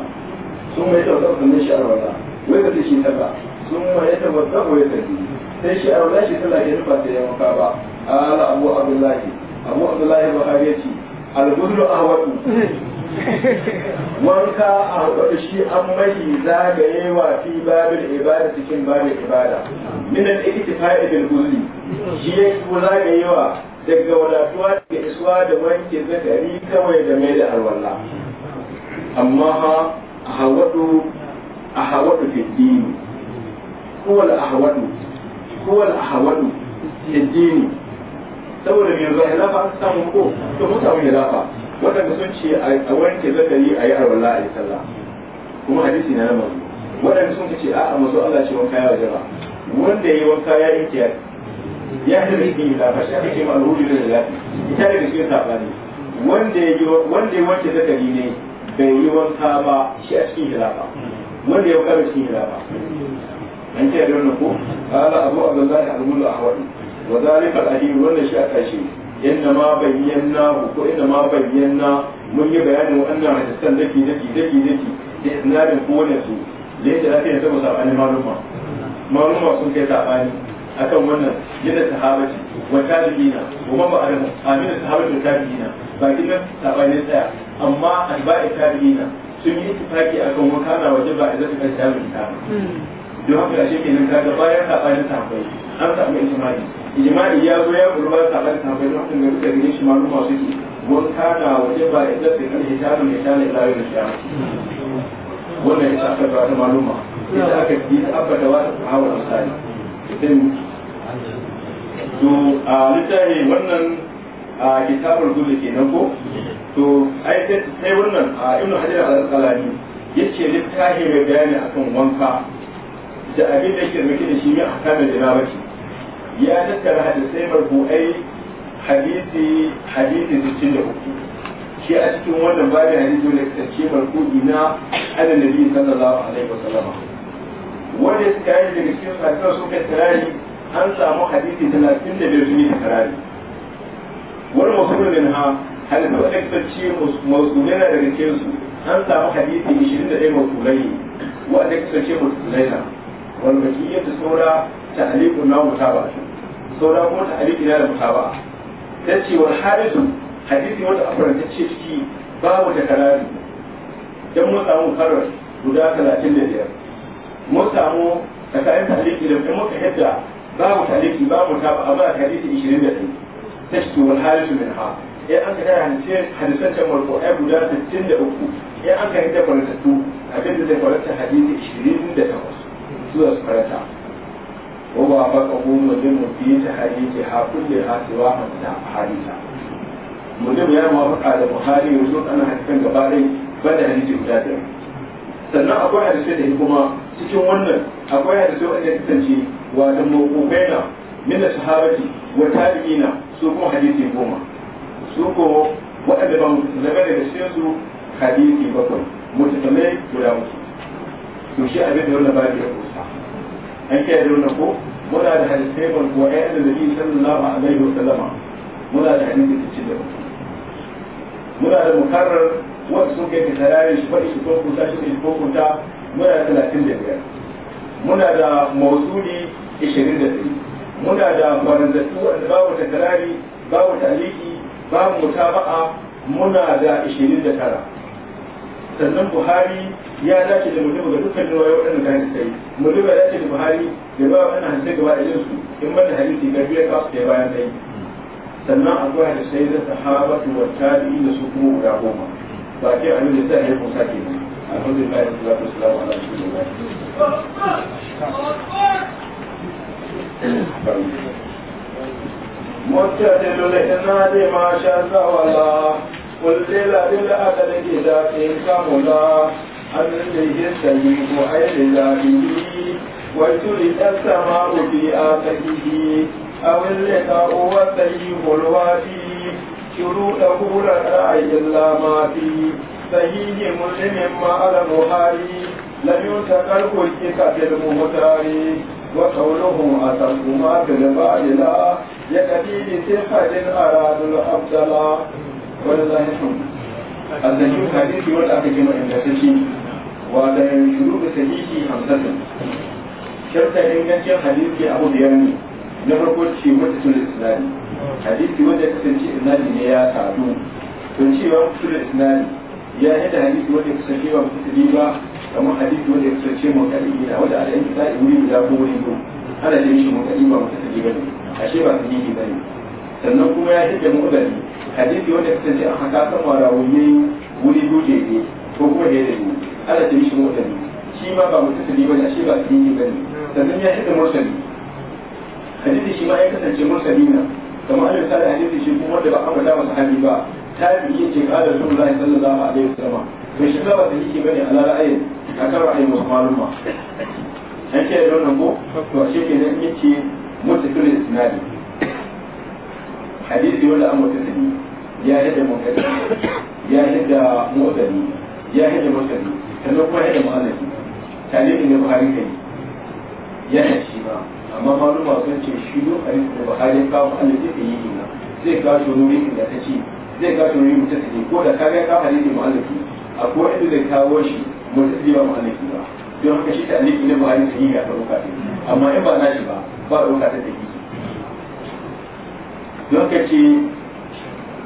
sun mai wasan sannan shi arwala wai ka shi ba sun mai ya tabbata ko ya tafi sai shi arwala shi tana ke ba sai ya wanka ba kala abu abdullahi abu abdullahi ba ya ce al-gudu ahwatu wanka a hudu shi an mai zagaye wa fi babin ibada cikin babin ibada minan al iktifai bil gulli shi ya ko zagaye wa daga wadatuwa da isuwa da wanke zakari kawai da mai da alwala amma ha a hawadu ke dini huwa a ahawadu huwa a ahawadu ke dini saboda mai yanzu hilafa an samu ko to mun samu waɗanda sun ce a wanke zakari a yi arwalla a yi sallah kuma hadisi na nama. waɗanda sun ce a'a mazu Allah ce wanka ya waje wanda ya yi wanka ya yi kiyar ya yi da rikin yi lafa shi ce ma alhudu da lafi ita da rikin saɓani wanda ya wanke zakari ne bai yi wanka ba shi a cikin hilafa wanda ya wanka da cikin hilafa an kiyar da wannan ko ala abu abdullahi al-mulu ahwadi wa zalika al-ahir wannan shi a shi yadda ma bayyana ko inda ma bayyana mun yi bayanin wannan hadisan daki daki daki daki da isnadin kowane su da yadda ake yanzu bani maluma maluma sun kai sabani akan wannan yadda sahabaci wa tabi'ina wa ma ba'alamu amina sahabaci wa tabi'ina ba gidan sabani tsaya amma atba'i tabi'ina sun yi ittifaki akan wakana wajaba idan suka tabi'in ta don haka ashe kenan kaga bayan sabanin sahabbai an samu ijma'i ijma'i ya zo ya gurba sahabbai da shi masu na waje ba inda sai kan mai da wannan ba maluma da hawa to a littafi wannan a kitabul gudu ko to ai sai wannan a ibnu hajar al yace littafi mai bayani akan wanka da abin da da shi mai ya tattara hadisai marfu'ai hadisi hadisi sittin da uku shi a cikin wannan babu hadisi wanda kasance marfu'i na annabi sallallahu alaihi wa sallama wanda suka yi daga cikin sahabbai suka tarari an samu hadisi talatin da biyar sun yi tarari wani musulmi min ha hadisi wanda kasance musulmi na daga cikin su an samu hadisi ishirin da ɗaya musulmai wanda kasance musulmai na wanda kiyaye saura ta ta'aliqun na mutaba'a saura kuma ta'aliqina da mutaba'a ta ce wa harisu hadisi wanda afaranta ce ciki babu ta kalari dan mun samu karar guda talatin da biyar mun samu tsakanin taliki da kuma muka yadda babu taliki babu ta ba a ba hadisi ishirin da ɗaya ta ce wa harisu min ha ya eh, an ka kaya hadisai hadisan can marko ai eh, guda sittin da uku ya eh, an ka yadda farantattu abinda zai faranta hadisi ishirin da takwas zuwa su faranta وما بقى مجم في تحديثها كلها سوى حديثا مجم يا موافق على البخاري يوسف انا حديثا كباري بدا حديث guda sannan akwai hadisai da kuma cikin wannan akwai hadisai wanda kasance wato mawqufaina min sahabati wa tabi'ina su kuma hadisi goma su ko waɗanda ba daga daga cikin su hadisi bakwai mutumai guda shi abin da ba ya an ke da wannan ko muna da hadisai ban ko ayyar da nabi sallallahu alaihi wa sallama muna da hadisi da cikin da muna da mukarrar wasu sun da tsararin shi faɗi shi ko kuta shi ko kuta muna da talatin da biyar muna da mawsuli ishirin da biyu muna da baranzatu wanda ba babu ba babu taliki ba mutaba'a muna da ishirin da tara sannan buhari ya dace da mutum ga dukkan riwaya waɗannan da hadisi sai mutum ya dace da buhari da ba wannan hadisi gaba da jinsu in ban hadisi ga biya kasu da bayan dai sannan akwai hadisai da sahabatu wa tabi'i da su kuma guda goma ba ke annabi da sai ya kusa ke alhamdulillah sallallahu alaihi wa sallam muttadilul inadi ma sha Allah والليل إلا أدلك ذاك كمنا أن لديه السيء وعين ذاته وجرد السماء في آفته أو اللقاء والسيء الوادي شروطه لنا إلا ما فيه صحيح مسلم مع البخاري لم ينتقل كلك في المختار وقولهم أتركما في البعد لا يكفي بصحة أرادوا الأفضل wani zahihun azzahihun hadisi wanda aka gina ingantacce wa da shuru da sahihi hamsatin sharta ingancin hadisi abu da ne na farko ce wata sunan isnadi hadisi wanda ya kasance isnadi ne ya sadu to cewa sunan isnadi ya yi da hadisi wanda ya kasance ba mutasili ba kamar hadisi wanda ya kasance mutali na wanda ala yanki yi wuri guda ko wuri ko ana jin shi mu mutali ba mutasili ba ne ashe ba su yi ba ne sannan kuma ya hidda mu'adali hadisi wanda kasance a haka kan warawaye wuri biyu ne ko kuma da yadda ala ta mota ne shi ma ba mutasili bane shi ba sahihi bane sannan ya hada mursali hadisi shi ma ya kasance mursali na kamar an misali hadisi shi kuma wanda ba a faɗa masa hali ba tabi'i ce qala rasulullahi a alaihi wasallam to shi ba sahihi bane ala ra'ayin kan ra'ayin masu maluma an ce da wannan ko to shi ke nan yace da isnadi hadisi wanda an mutasili ya hidda munkari ya hidda mu'tani ya hidda mutasili sannan kuma hidda mu'anabi talibi ne buhari kai ya hidda shi ba amma maluma sun ce shi duk hadisi da buhari kawo an da zai yi ina zai kawo shi wani da ta ce zai kawo shi wani mutasili ko da ka kaga kawo hadisi mu'anabi akwai wanda zai kawo shi mutasili ba mu'anabi ba don haka shi talibi ne buhari yi ya ɗauka amma in ba na shi ba ba ɗauka ta ta yi. don ka ce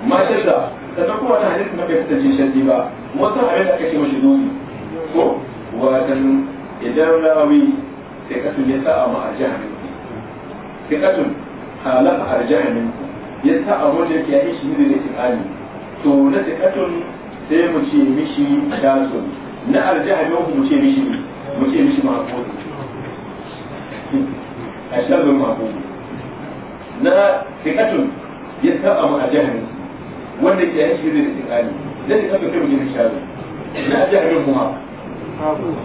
ma shadda sannan kuma na hadisi ta kasance shaddi ba wasu abin da aka ce mashi nuni ko watan idan rawi sai tun ya sa'a ma arjaha minku sai katun halaka arjaha minku ya a wanda yake yi shi ne da tsani to na sai katun sai mu ce mishi dasun na arjaha minku mu ce mishi mu ce mishi mahfuz ashadu mahfuz na fiƙatun ya saba mu a jihar wanda ke yanki zai da tsirani zai da kafa kai mu sharu na a jihar kuma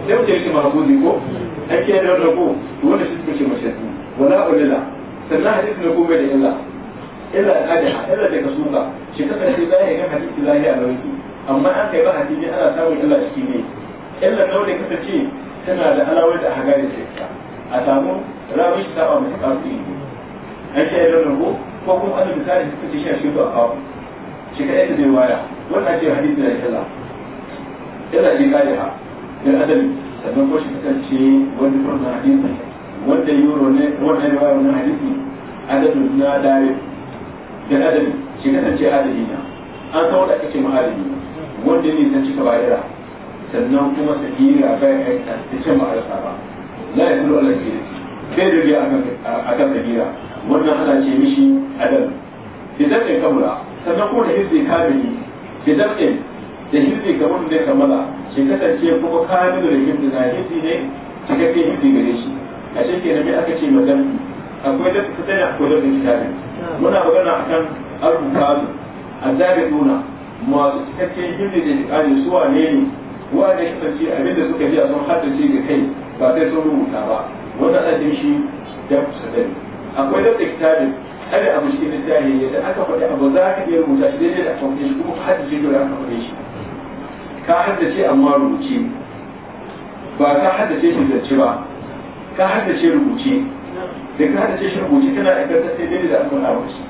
sai mu ce mahabuzi ko ake da rago wanda shi suka ce mashaɗi wala ulila sannan hadisi na kuma da illa illa al'adaha illa da kasuka shi kasance zai ga hadisi zai a nauyi amma an kai ba hadisi ana samun illa ciki ne illa na wanda kasance tana da alawar da a hagari sai a samu shi saba mai kasu ne an sha irin rago ko kuma wani misali suka ce sha shi ba a kawo shi ka yadda zai waya wannan ce hadisi da kaza yana ji kare ha da adami sannan ko shi kasance wani wannan hadisi wanda yi yuro ne wannan riwaya wannan hadisi adadin na dare da adami shi kasance adadi na an san wanda ake ma adadi wanda ne zan cika ba'ira sannan kuma sabira bai aikata ta ce ma'arasa ba la ya kulu Allah ke da ke da a kan sabira wannan ana ce mishi adam da dab'in kabula sannan kuma da hizbi kamili da dab'in da hizbi ga wanda ya kamala shi kasance kuma kamilu da hizbi na hizbi ne cikakke hizbi gare shi a shi kenan me aka ce ma dab'i akwai dab'i kasani akwai dab'i kitabi muna magana akan a mukalu nuna masu cikakken hizbi da hizbi su suwa ne wanda ya kasance abin da suka ji a sun haddace ga kai ba sai sun rubuta ba wanda ajin shi da dab'i sadari akwai da kitabin kada abu shi littafi da aka faɗi abu za ka iya rubuta shi daidai da kwamfe shi kuma haddace dole aka faɗe shi ka haddace amma rubuce ba ka haddace shi zance ba ka haddace rubuce da ka haddace shi rubuce kana aikata sai daidai da aka faɗa wa shi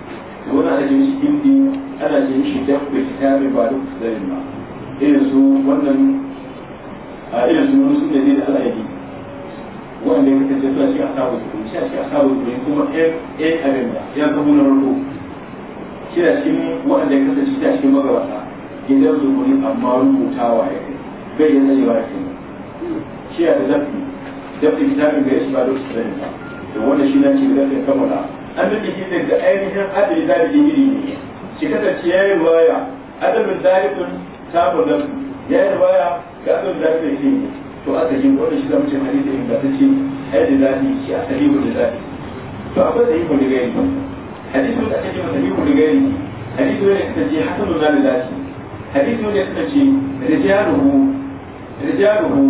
da wani ana jin shi indi ana jin shi da ta kitabi ba duk da kusurin ba irin su wannan a irin su wani sun da Allah ya yi wanda ya kace su a cikin asabu su shi a cikin asabu su kuma eh abin da ya zama na rarro shi da shi wanda ya kace shi da shi magabata idan gidan zubuni amma rubutawa ya kai bai yin tsayewa ya kai shi a da zafi zafi kitabin bai shi ba da su ba to wanda shi nan ce da zafi kamala an da shi ne daga ainihin adali zalibi iri ne shi kasance ya yi waya adamin zalibin samun zafi ya yi waya ga adalin zalibin shi ne to aka yi wani shi zama cin ta ce, ai da zafi shi a sahihu da zafi to akwai sahihu da gairi hadisin da aka ce masa sahihu da gairi hadisin da ta ce hasanu na da zafi hadisin da ya kasance rijaluhu rijaluhu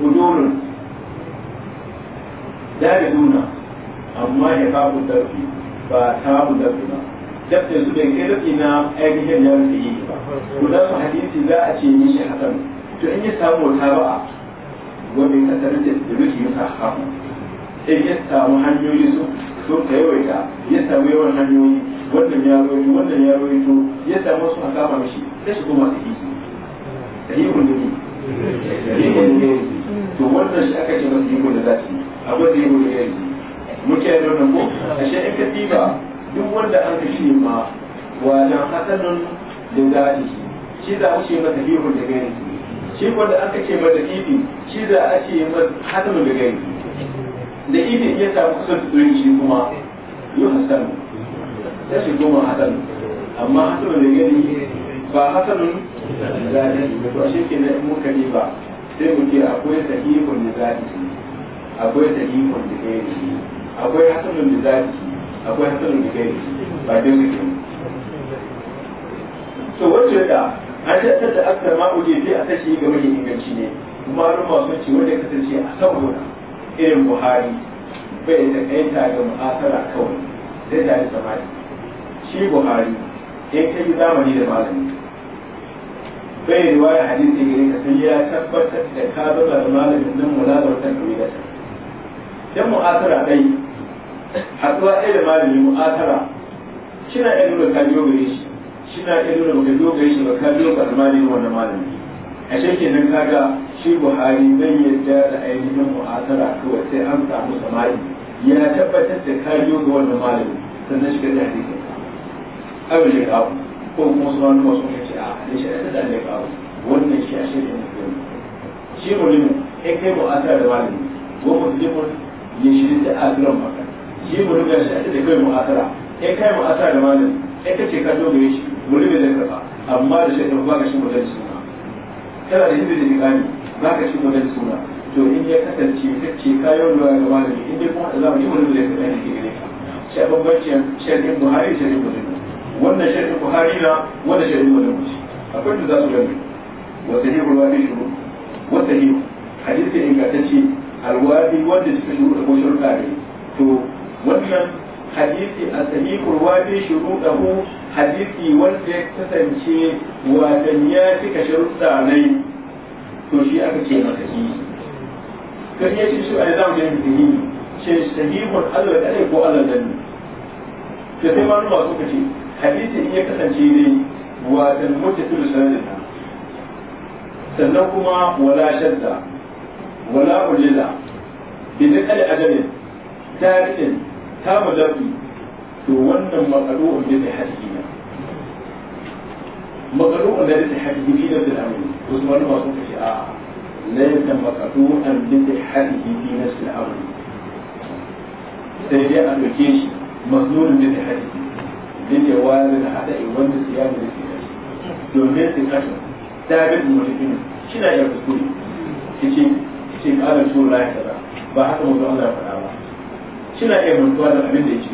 udurun dariduna amma ya kafu darfi ba ta mu darfi ba dabta su da ke rufi na ainihin ya rufe yi ba to da hadisi za a ce shi hasan to in ya samu wata ba'a wanda ya tattara da suluki ya sahabu sai ya samu hanyoyi su so ka yawaita ya samu yawan hanyoyi wannan ya rawaito wannan ya rawaito ya samu su a kama mishi sai shi kuma sahihi sahihun ne sahihun ne to wannan shi aka ce masa sahihun da zaki akwai sahihun da yanzu muke yi wannan ko a shi aka fi ba. duk wanda an kashe ma wajen hasanun da zaki shi za a ce masa sahihun da yanzu shi wanda aka ce ma da ibi shi da a ce ma hatamin da gani da ibi ya samu kusan tuturin shi kuma yi hasan ta shi goma hasan amma hatamin da gani ba hasanun zaɗi da to shi ke na mun kani ba sai mu ce akwai sahihun da zaɗi akwai sahihun da gani akwai hasanun da zaɗi akwai hasanun da gani ba dai mutum to wacce da a tattar da aksar ma'uli zai a tashi game da inganci ne maluma sun ce wanda kasance a saboda irin buhari bai da kaita ga mu'asara kawai sai da samari shi buhari in ta yi zamani da malami bai riwaya hadisi gare ka sai ya tabbatar da ka zama da malamin nan mulazar ta kabila ta dan mu'asara dai hatsuwa ɗaya da malami mu'asara Kina na ɗan nuna kajiyo gare shi shi na ka nuna muka biyo gare ba ka biyo ga almalin wannan malami a shekin nan kaga shi buhari zai yadda da ainihin mu'asara kawai sai an samu samari ya tabbatar da ka biyo ga wannan malami sannan shi ka da hadisi abin da kawo ko kuma su wani masu ne ce a hadisi da da ne kawo wannan shi a shekin nan kawo shi mulimin ya kai mu'asara da malami ko musulmin ya shirin da asirin maka shi mulimin ya shi da kai mu'asara ya kai mu'asara da malami ya kace ce ka zo gare shi wuri mai lantarka amma da shi ba ka cin mutunci suna kana da hindi da mikami ba ka cin mutunci suna to in ya kasance kacce kayan ruwa ga magani in dai kuma da zamu yi wuri da lantarka ne ke gare ka shi a bambancin shirin buhari shirin musulmi wannan shirin buhari na wannan shirin musulmi akwai da za su gani wasu hibu ruwa ne shuru wasu hibu hadisi ingantacce alwadi wanda suka shuru da ko shuru to wannan hadisi a sahihul wadi shuruɗahu hadisi wanda ya kasance wadan ya cika sharuɗa nai to shi aka ce maka shi kan ya ce shi a zamu da sahihi ce sahihul Allah kadai ko Allah dan ne sai ma nuna suka ce hadisi in ya kasance ne wadan mutatul ta. sannan kuma wala shadda wala ujila bi dukkan ajalin tarihin kama dabi to wannan da da wasu wani a laysa makaru'un da fi sai dai a doke shi masnunun bi da hadisi din wayar da wanda da domin shi na kuskure shi ba haka mutum shi na iya mantuwa da abin da yake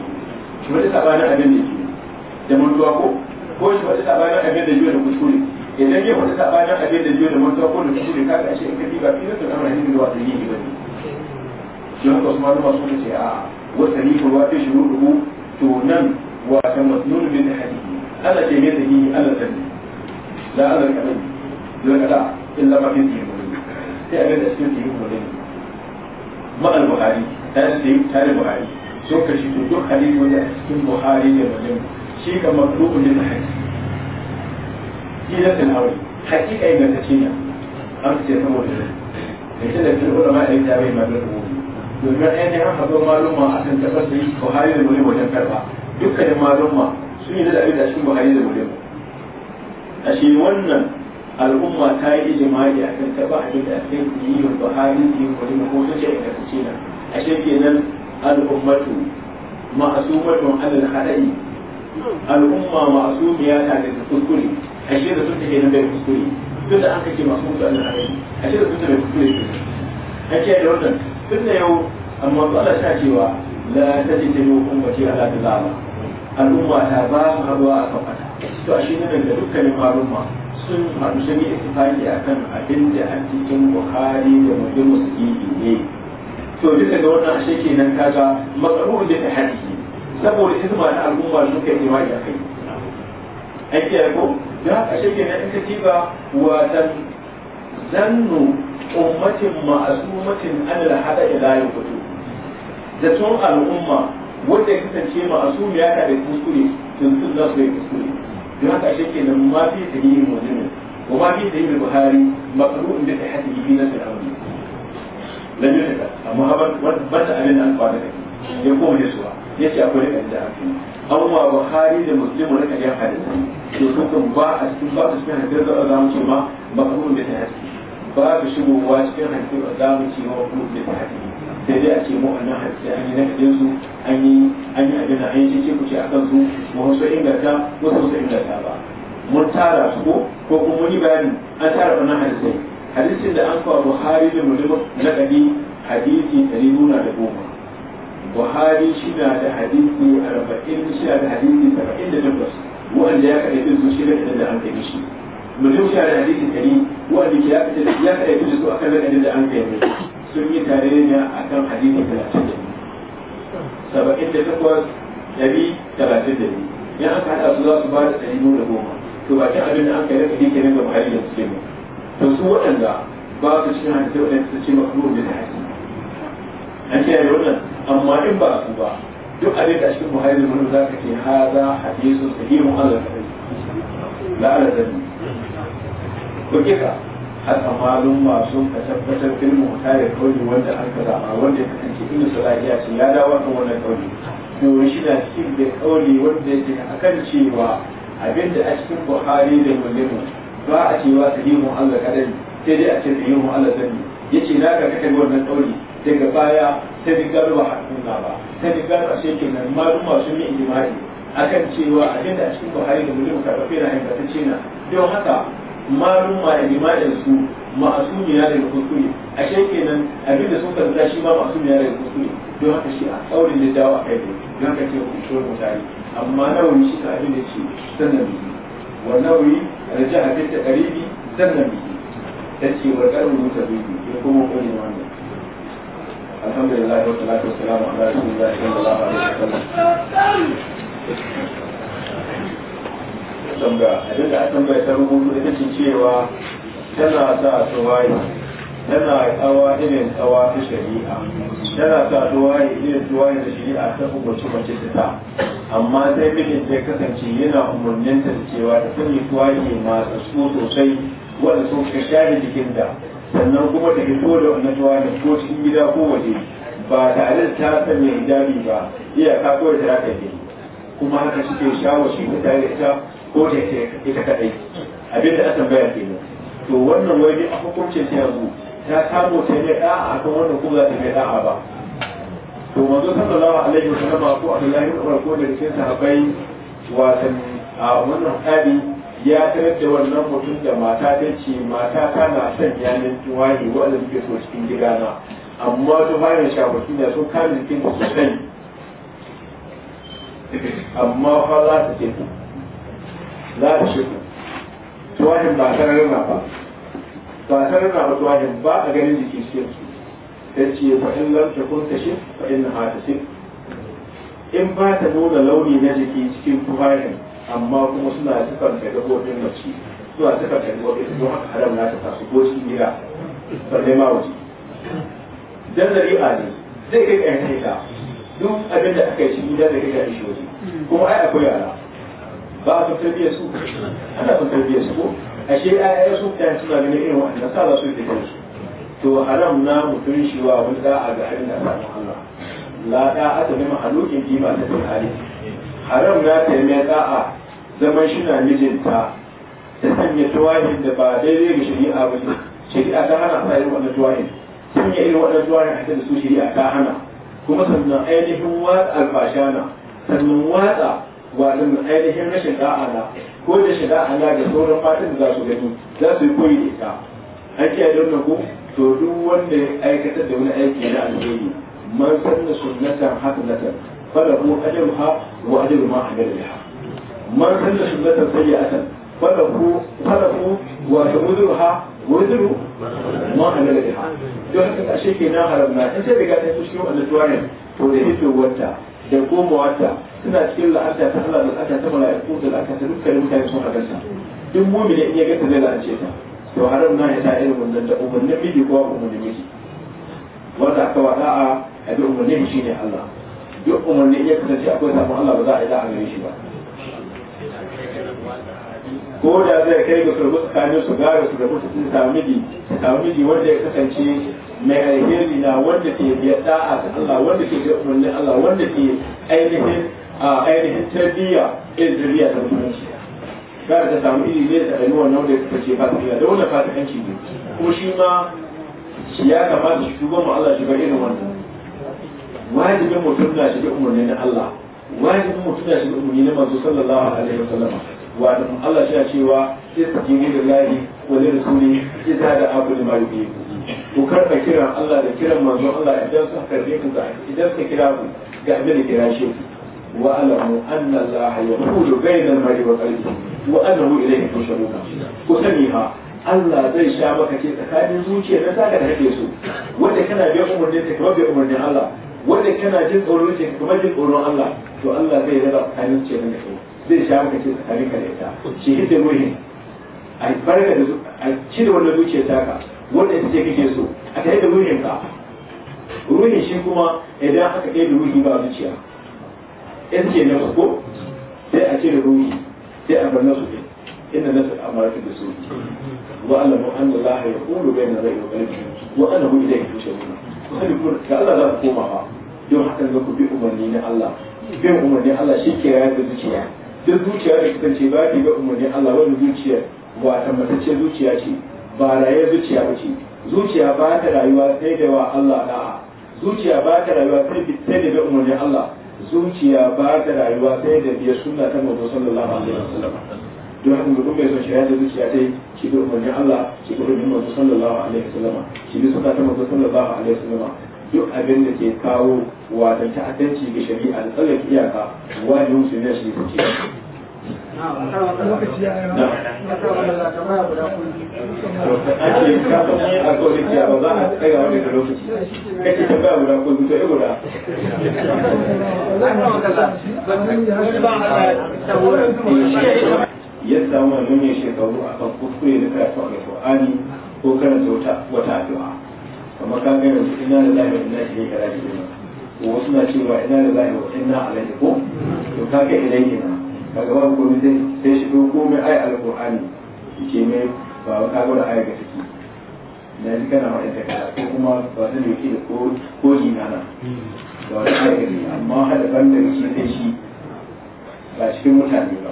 shi wani sabanin abin da yake da mantuwa ko ko shi wani sabanin abin da yake da kuskure idan ya wani sabanin abin da yake da mantuwa ko da kuskure ka ga shi in ka diba fi da ta amara hindi da wato yi ba ne shi haka su malama sun ce a wata ni ko wato shuru rubu to nan wata masnun bin hadisi Allah ce ne da yi Allah da la Allah ka ne da kada illa ma fi yi sai abin da shi ke yi ko ne ma al-bukhari ta tarihi tarihi buhari so ka shi duk hadisi wanda a cikin buhari da muslim shi ga matlubun lil hadisi kan aure hakika ingantacce ne an ce saboda da ke da ke ulama da ta bai magana rubutu domin ainihin an haɗo malumma akan taɓa su yi buhari da muslim wajen karɓa dukkanin malumma sun yi da abin da cikin buhari da muslim a shi wannan al'umma ta yi ijimai a kan taba a da ake yi wa buhari yi wani mahoto ce a ƙasashe na ashe kenan al'ummatu ma'asumatun alal hada'i al'umma ma'asumiya ta da kuskure ashe da sun take nan bai kuskure duk da aka ce masu mutu alal hada'i ashe da sun take kuskure ake da wannan tun da yau amma ta cewa al'umma ta ba su a kan to da dukkanin malumma sun haɗu sun yi ittifaqi akan abin da a cikin Bukhari da Muslim suke ne to bisa da wannan ashe kenan kaga matsarurin da ta hadisi saboda hidima na al'umma da suka yi imani a kai an kiyaye ko da haka ashe kenan in ka tiba watan zannu ummatin ma'asumatin an lahada ila yau fito da tun al'umma wanda ya kasance ma'asumiya ta da kuskure tuntun za su yi kuskure don haka ashe kenan ma fi sahihin mujimin wa ma fi sahihin buhari makaru in da ta hadisi na sana'a lam yaka amma haban wata abin an da kai ya koma Yesu ya ce akwai rikan da aka yi amma Buhari da Muslim rikan ya hadisa to sun kan ba a cikin ba su cikin hadisi da za mu ce ma makrun da ta hadisi babu shigowa cikin hadisi da za mu ce ma makrun da ta hadisi sai dai a ce mu wannan hadisi an yi nakadin su an yi an yi abin an yi ce ku ce akan su mu wasu inganta wasu su inganta ba mun tara su ko ko kuma mun yi bayani an tara wannan hadisi hadisin da an kawo buhari da mulim na ɗari hadisi ɗari nuna da goma buhari shi da hadisi arba'in shi na da hadisi saba'in da takwas wanda ya kaɗa bin su shi da da an kai shi mulim shida da hadisi ɗari wanda ya kaɗa ya kaɗa bin su akan da da an kai sun yi tare ne a kan hadisi talatin da saba'in da takwas ɗari talatin da biyu in aka haɗa su za su ba da ɗari nuna goma to bakin abin da an kai su kaɗi kenan ga buhari da musulmi to su waɗanda ba su cikin hadisi waɗanda su ce makruhun da hadisi an kiyaye wannan amma in ba su ba duk abin da cikin buhari mun za ka ce hada hadisun sahihun allah ta yi la ala zabi ko kika har amalun masu ka tabbatar fil mutare kauli wanda ka zama wanda ya kasance inda salahiya ce ya dawo kan wannan kauli domin shi na cikin da kauli wanda yake akan cewa abin da a cikin buhari da muslimu ba a cewa sahihun Allah kadai sai dai a ce sahihun Allah sani yace na ka kai wannan kauli daga baya ta rigar wa hakuna ba ta rigar a shekin nan maluma sun yi ijimai akan cewa a abin da a cikin Buhari da Muslim karfafe na ingantacce na don haka maluma ijimai su ma'asumiya daga kuskure a shekin nan abin da sun karanta shi ma ma'asumiya daga kuskure don haka shi a tsaurin da dawo a kai ne don haka ce ku shoro mutane amma nawawi shi ka abin da ce sannan wa nawawi raja a fitta ƙaribi sannan biyu ta ce wa ƙarin mutu ya kuma kone alhamdulillah wa salamu ala wa sallam tambaya abinda a tambaya ta rubutu cewa tana sa su tana tsawa irin tsawa ta shari'a Yana sa duwaye irin duwaye da shari'a ta umarci mace ta ta, amma sai mijin ya kasance yana umarnin ta cewa ta sanya duwaye masu so sosai wanda sun ka share jikinta sannan kuma ta fito da wannan duwaye ko cikin gida ko waje ba tare da ta sanya hijabi ba iyaka ko kawai ta raka kuma haka suke shawo shi ta tare ta ko ta ita kadai abinda asan baya kenan to wannan waje a hukuncin ta yanzu ta samu ta yi a kan wannan kuma za ta yi ɗa'a ba to manzo sallallahu alaihi wa sallam ko Abdullahi ibn Umar ko da cikin sahabbai wasan a wannan hadi ya tarar da wannan mutum da mata ta ce mata ta na son yanin tuwani wanda suke so cikin gidana amma tuwanin shafaki na sun kame cikin da su sani amma fa za ta ce za ta shi tuwanin ba ta rarraba ba ba tare da mutuwahin ba a ganin jiki cikin su ta ce fa in lam takun tashif fa in ha tashif in ba ta nuna launi na jiki cikin tuhahin amma kuma suna sifanta gabobin mace suna da gabobin su haka haram na ta tasu ko cikin gida Ba dai ma waje dan zari'a ne zai kai ɗan haita duk abin da aka yi cikin gida zai kai kayan shi waje kuma ai akwai yara ba a san su ana san su ko ashe yi su mutane suna ganin irin wa'anda sa za su yi da su to haram na mutum shi wa wani da'a ga harin da samu Allah la a ta nima halukin kima ta hali haram na ta yi a zaman shi na mijinta ta sanya tuwahin da ba daidai ga shari'a ba ne shari'a ta hana sa irin wannan tuwahin sanya irin wannan tuwahin a da su shari'a ta hana kuma sannan ainihin watsa albashana sannan watsa wato ainihin rashin da'ana ko da shi da'ana da sauran fatin da za su gani za su yi koyi da ita an kiyaye don ku to duk wanda ya aikatar da wani aiki na alheri man san sanna sunnatan hasanatan falahu ajruha wa ajru ma amila man san sanna sunnatan sayyi'atan falahu falahu wa shudruha wa ajru ma amila biha to haka ashe kenan haramna in sai daga ta cikin wannan tuwanin to da hitowar wata, da komawa ta. suna cikin la'anta ta Allah la'anta ta mala'iku da la'anta ta dukkan mutane sun sa duk mumin in ya ta zai la'ance ta to haram na ya ta irin wannan da umarnin miji ko umarnin miji wanda aka wada a abi umarnin shi ne Allah duk umarnin ya kasance akwai samun Allah ba za a yi da'a gare shi ba ko da zai kai ga sulhu tsakanin su ga su da mutu sun samu miji samu miji wanda ya kasance mai alheri na wanda ke biya da'a ta Allah wanda ke ga umarnin Allah wanda ke ainihin a ainihin eh, tarbiyya irin tarbiyya ta musulunci gara ta samu ilimi da ɗani wannan da ta ce ba fasikanci da wannan fasikanci ne ko shi ma ya kamata shi shugaban mu Allah shi ga irin wannan wajibin mutum na shi da umarni na Allah wajibin mutum na shi da umarni na manzo sallallahu alaihi wasallam wato Allah shi ya cewa istijibu lillahi wa li rasuli idza da abu lima yubiku ku karɓa kiran Allah da kiran manzo Allah idan suka karbe ku idan suka kira ku ga abin da kira shi ku واعلموا ان الله يحول بين المرء وقلبه وانه اليه تحشرون وسميها Allah zai sha maka ke tsakanin zuciya na taka da kake so wanda kana biyan umarnin ta kamar biyan umarnin Allah wanda kana jin tsoron ta kamar jin tsoron Allah to Allah zai raba tsakanin zuciya na kai zai sha maka ke tsakanin ka da ita shi ruhin a barka da a cire wannan zuciya taka wanda ita ce kake so a tare da ruhin ka ruhin shi kuma idan aka ɗaya da ruhi ba zuciya In ce na ko sai a cire ruhi sai a bar nasu ne inna nasu amaratu da su wa Allah muhammadu Allah ya kulu bai na zai kalbi wa ana hu ilai tushe wuna sai ku ga Allah za ku koma ba yau hakan za ku bi umarni na Allah bin umarni Allah shi ke rayar da zuciya duk zuciya da ce ba ta ga umarni Allah wani zuciya ba tabbatacce zuciya ce ba raye zuciya ba ce zuciya ba ta rayuwa sai da wa Allah da'a zuciya ba ta rayuwa sai da bi umarni Allah zuciya ba ta rayuwa sai da biyar suna ta manzo sallallahu alaihi wasallam don haka mutum bai son shari'a da zuciya ta yi shi da umarni Allah shi bi umarnin manzo sallallahu alaihi wasallam shi da suna ta manzo sallallahu alaihi wasallam duk abin da ke kawo watan ta'addanci ga shari'a da tsallake iyaka wajibin musulmi shi ne lokaci ba za a tsaya wani da lokaci kake ka ba manyan shekaru a kan kuskure da karatu a alƙur'ani ko karanta wata wata addu'a kamar ka ga yanzu ina da lafiya ina shi ne karatu wasu na cewa ina da lafiya ina alaihi ko to ka ga idan kenan kaga wani komai sai sai shi ko komai ai alqur'ani yake me ba wani kaga wani aya ga da yanzu kana ma ita kaza ko kuma ba zan yake da ko ko jinana hmm. ba wani aya ga ciki amma hada banda shi sai shi ba cikin mutane ba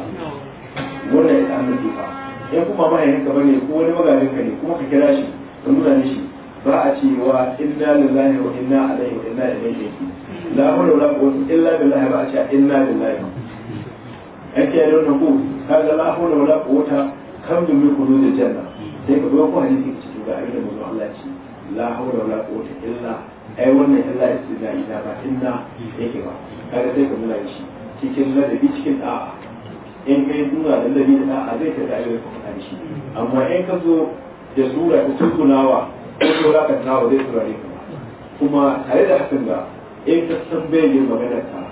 wannan ya samu tufa yan kuma mahaifinka ba ne ko wani magajinka ne kuma ka kira shi ka nuna shi ba a cewa inna lillahi wa inna alaihi wa inna ilaihi hmm. la hawla wala quwwata illa billahi ba a cewa inna lillahi yake ya launa ku ga la hawla wala quwwata kam min da janna sai ka ko hadisi ki ciki ga ayyukan manzo Allah ci la hawla wala quwwata illa ai wannan illa istidai da ba inna yake ba kaga sai ka muna shi cikin ladabi cikin da'a in kai nuna da ladabi da da'a zai ka da ka ka shi amma in ka zo da sura ta tukunawa ko sura ka tawo zai turare ka kuma tare da hakan da in ka san bai magana ta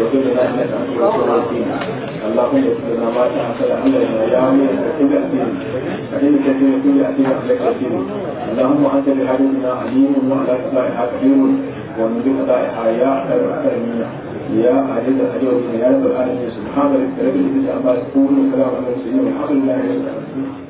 وكلنا انك انت الرحيم اللهم اغفر لنا ما تحصل عملنا يا عمي كل اثيم فانك دين كل اثيم لك اثيم اللهم انت بحاجتنا عليم وعلى قضائها كريم ومن بقضائها يا خير الكريمين يا عزيز الحجوج يا رب العالمين سبحان ربك رب العزه عما يقولون وسلام على المرسلين والحمد لله رب العالمين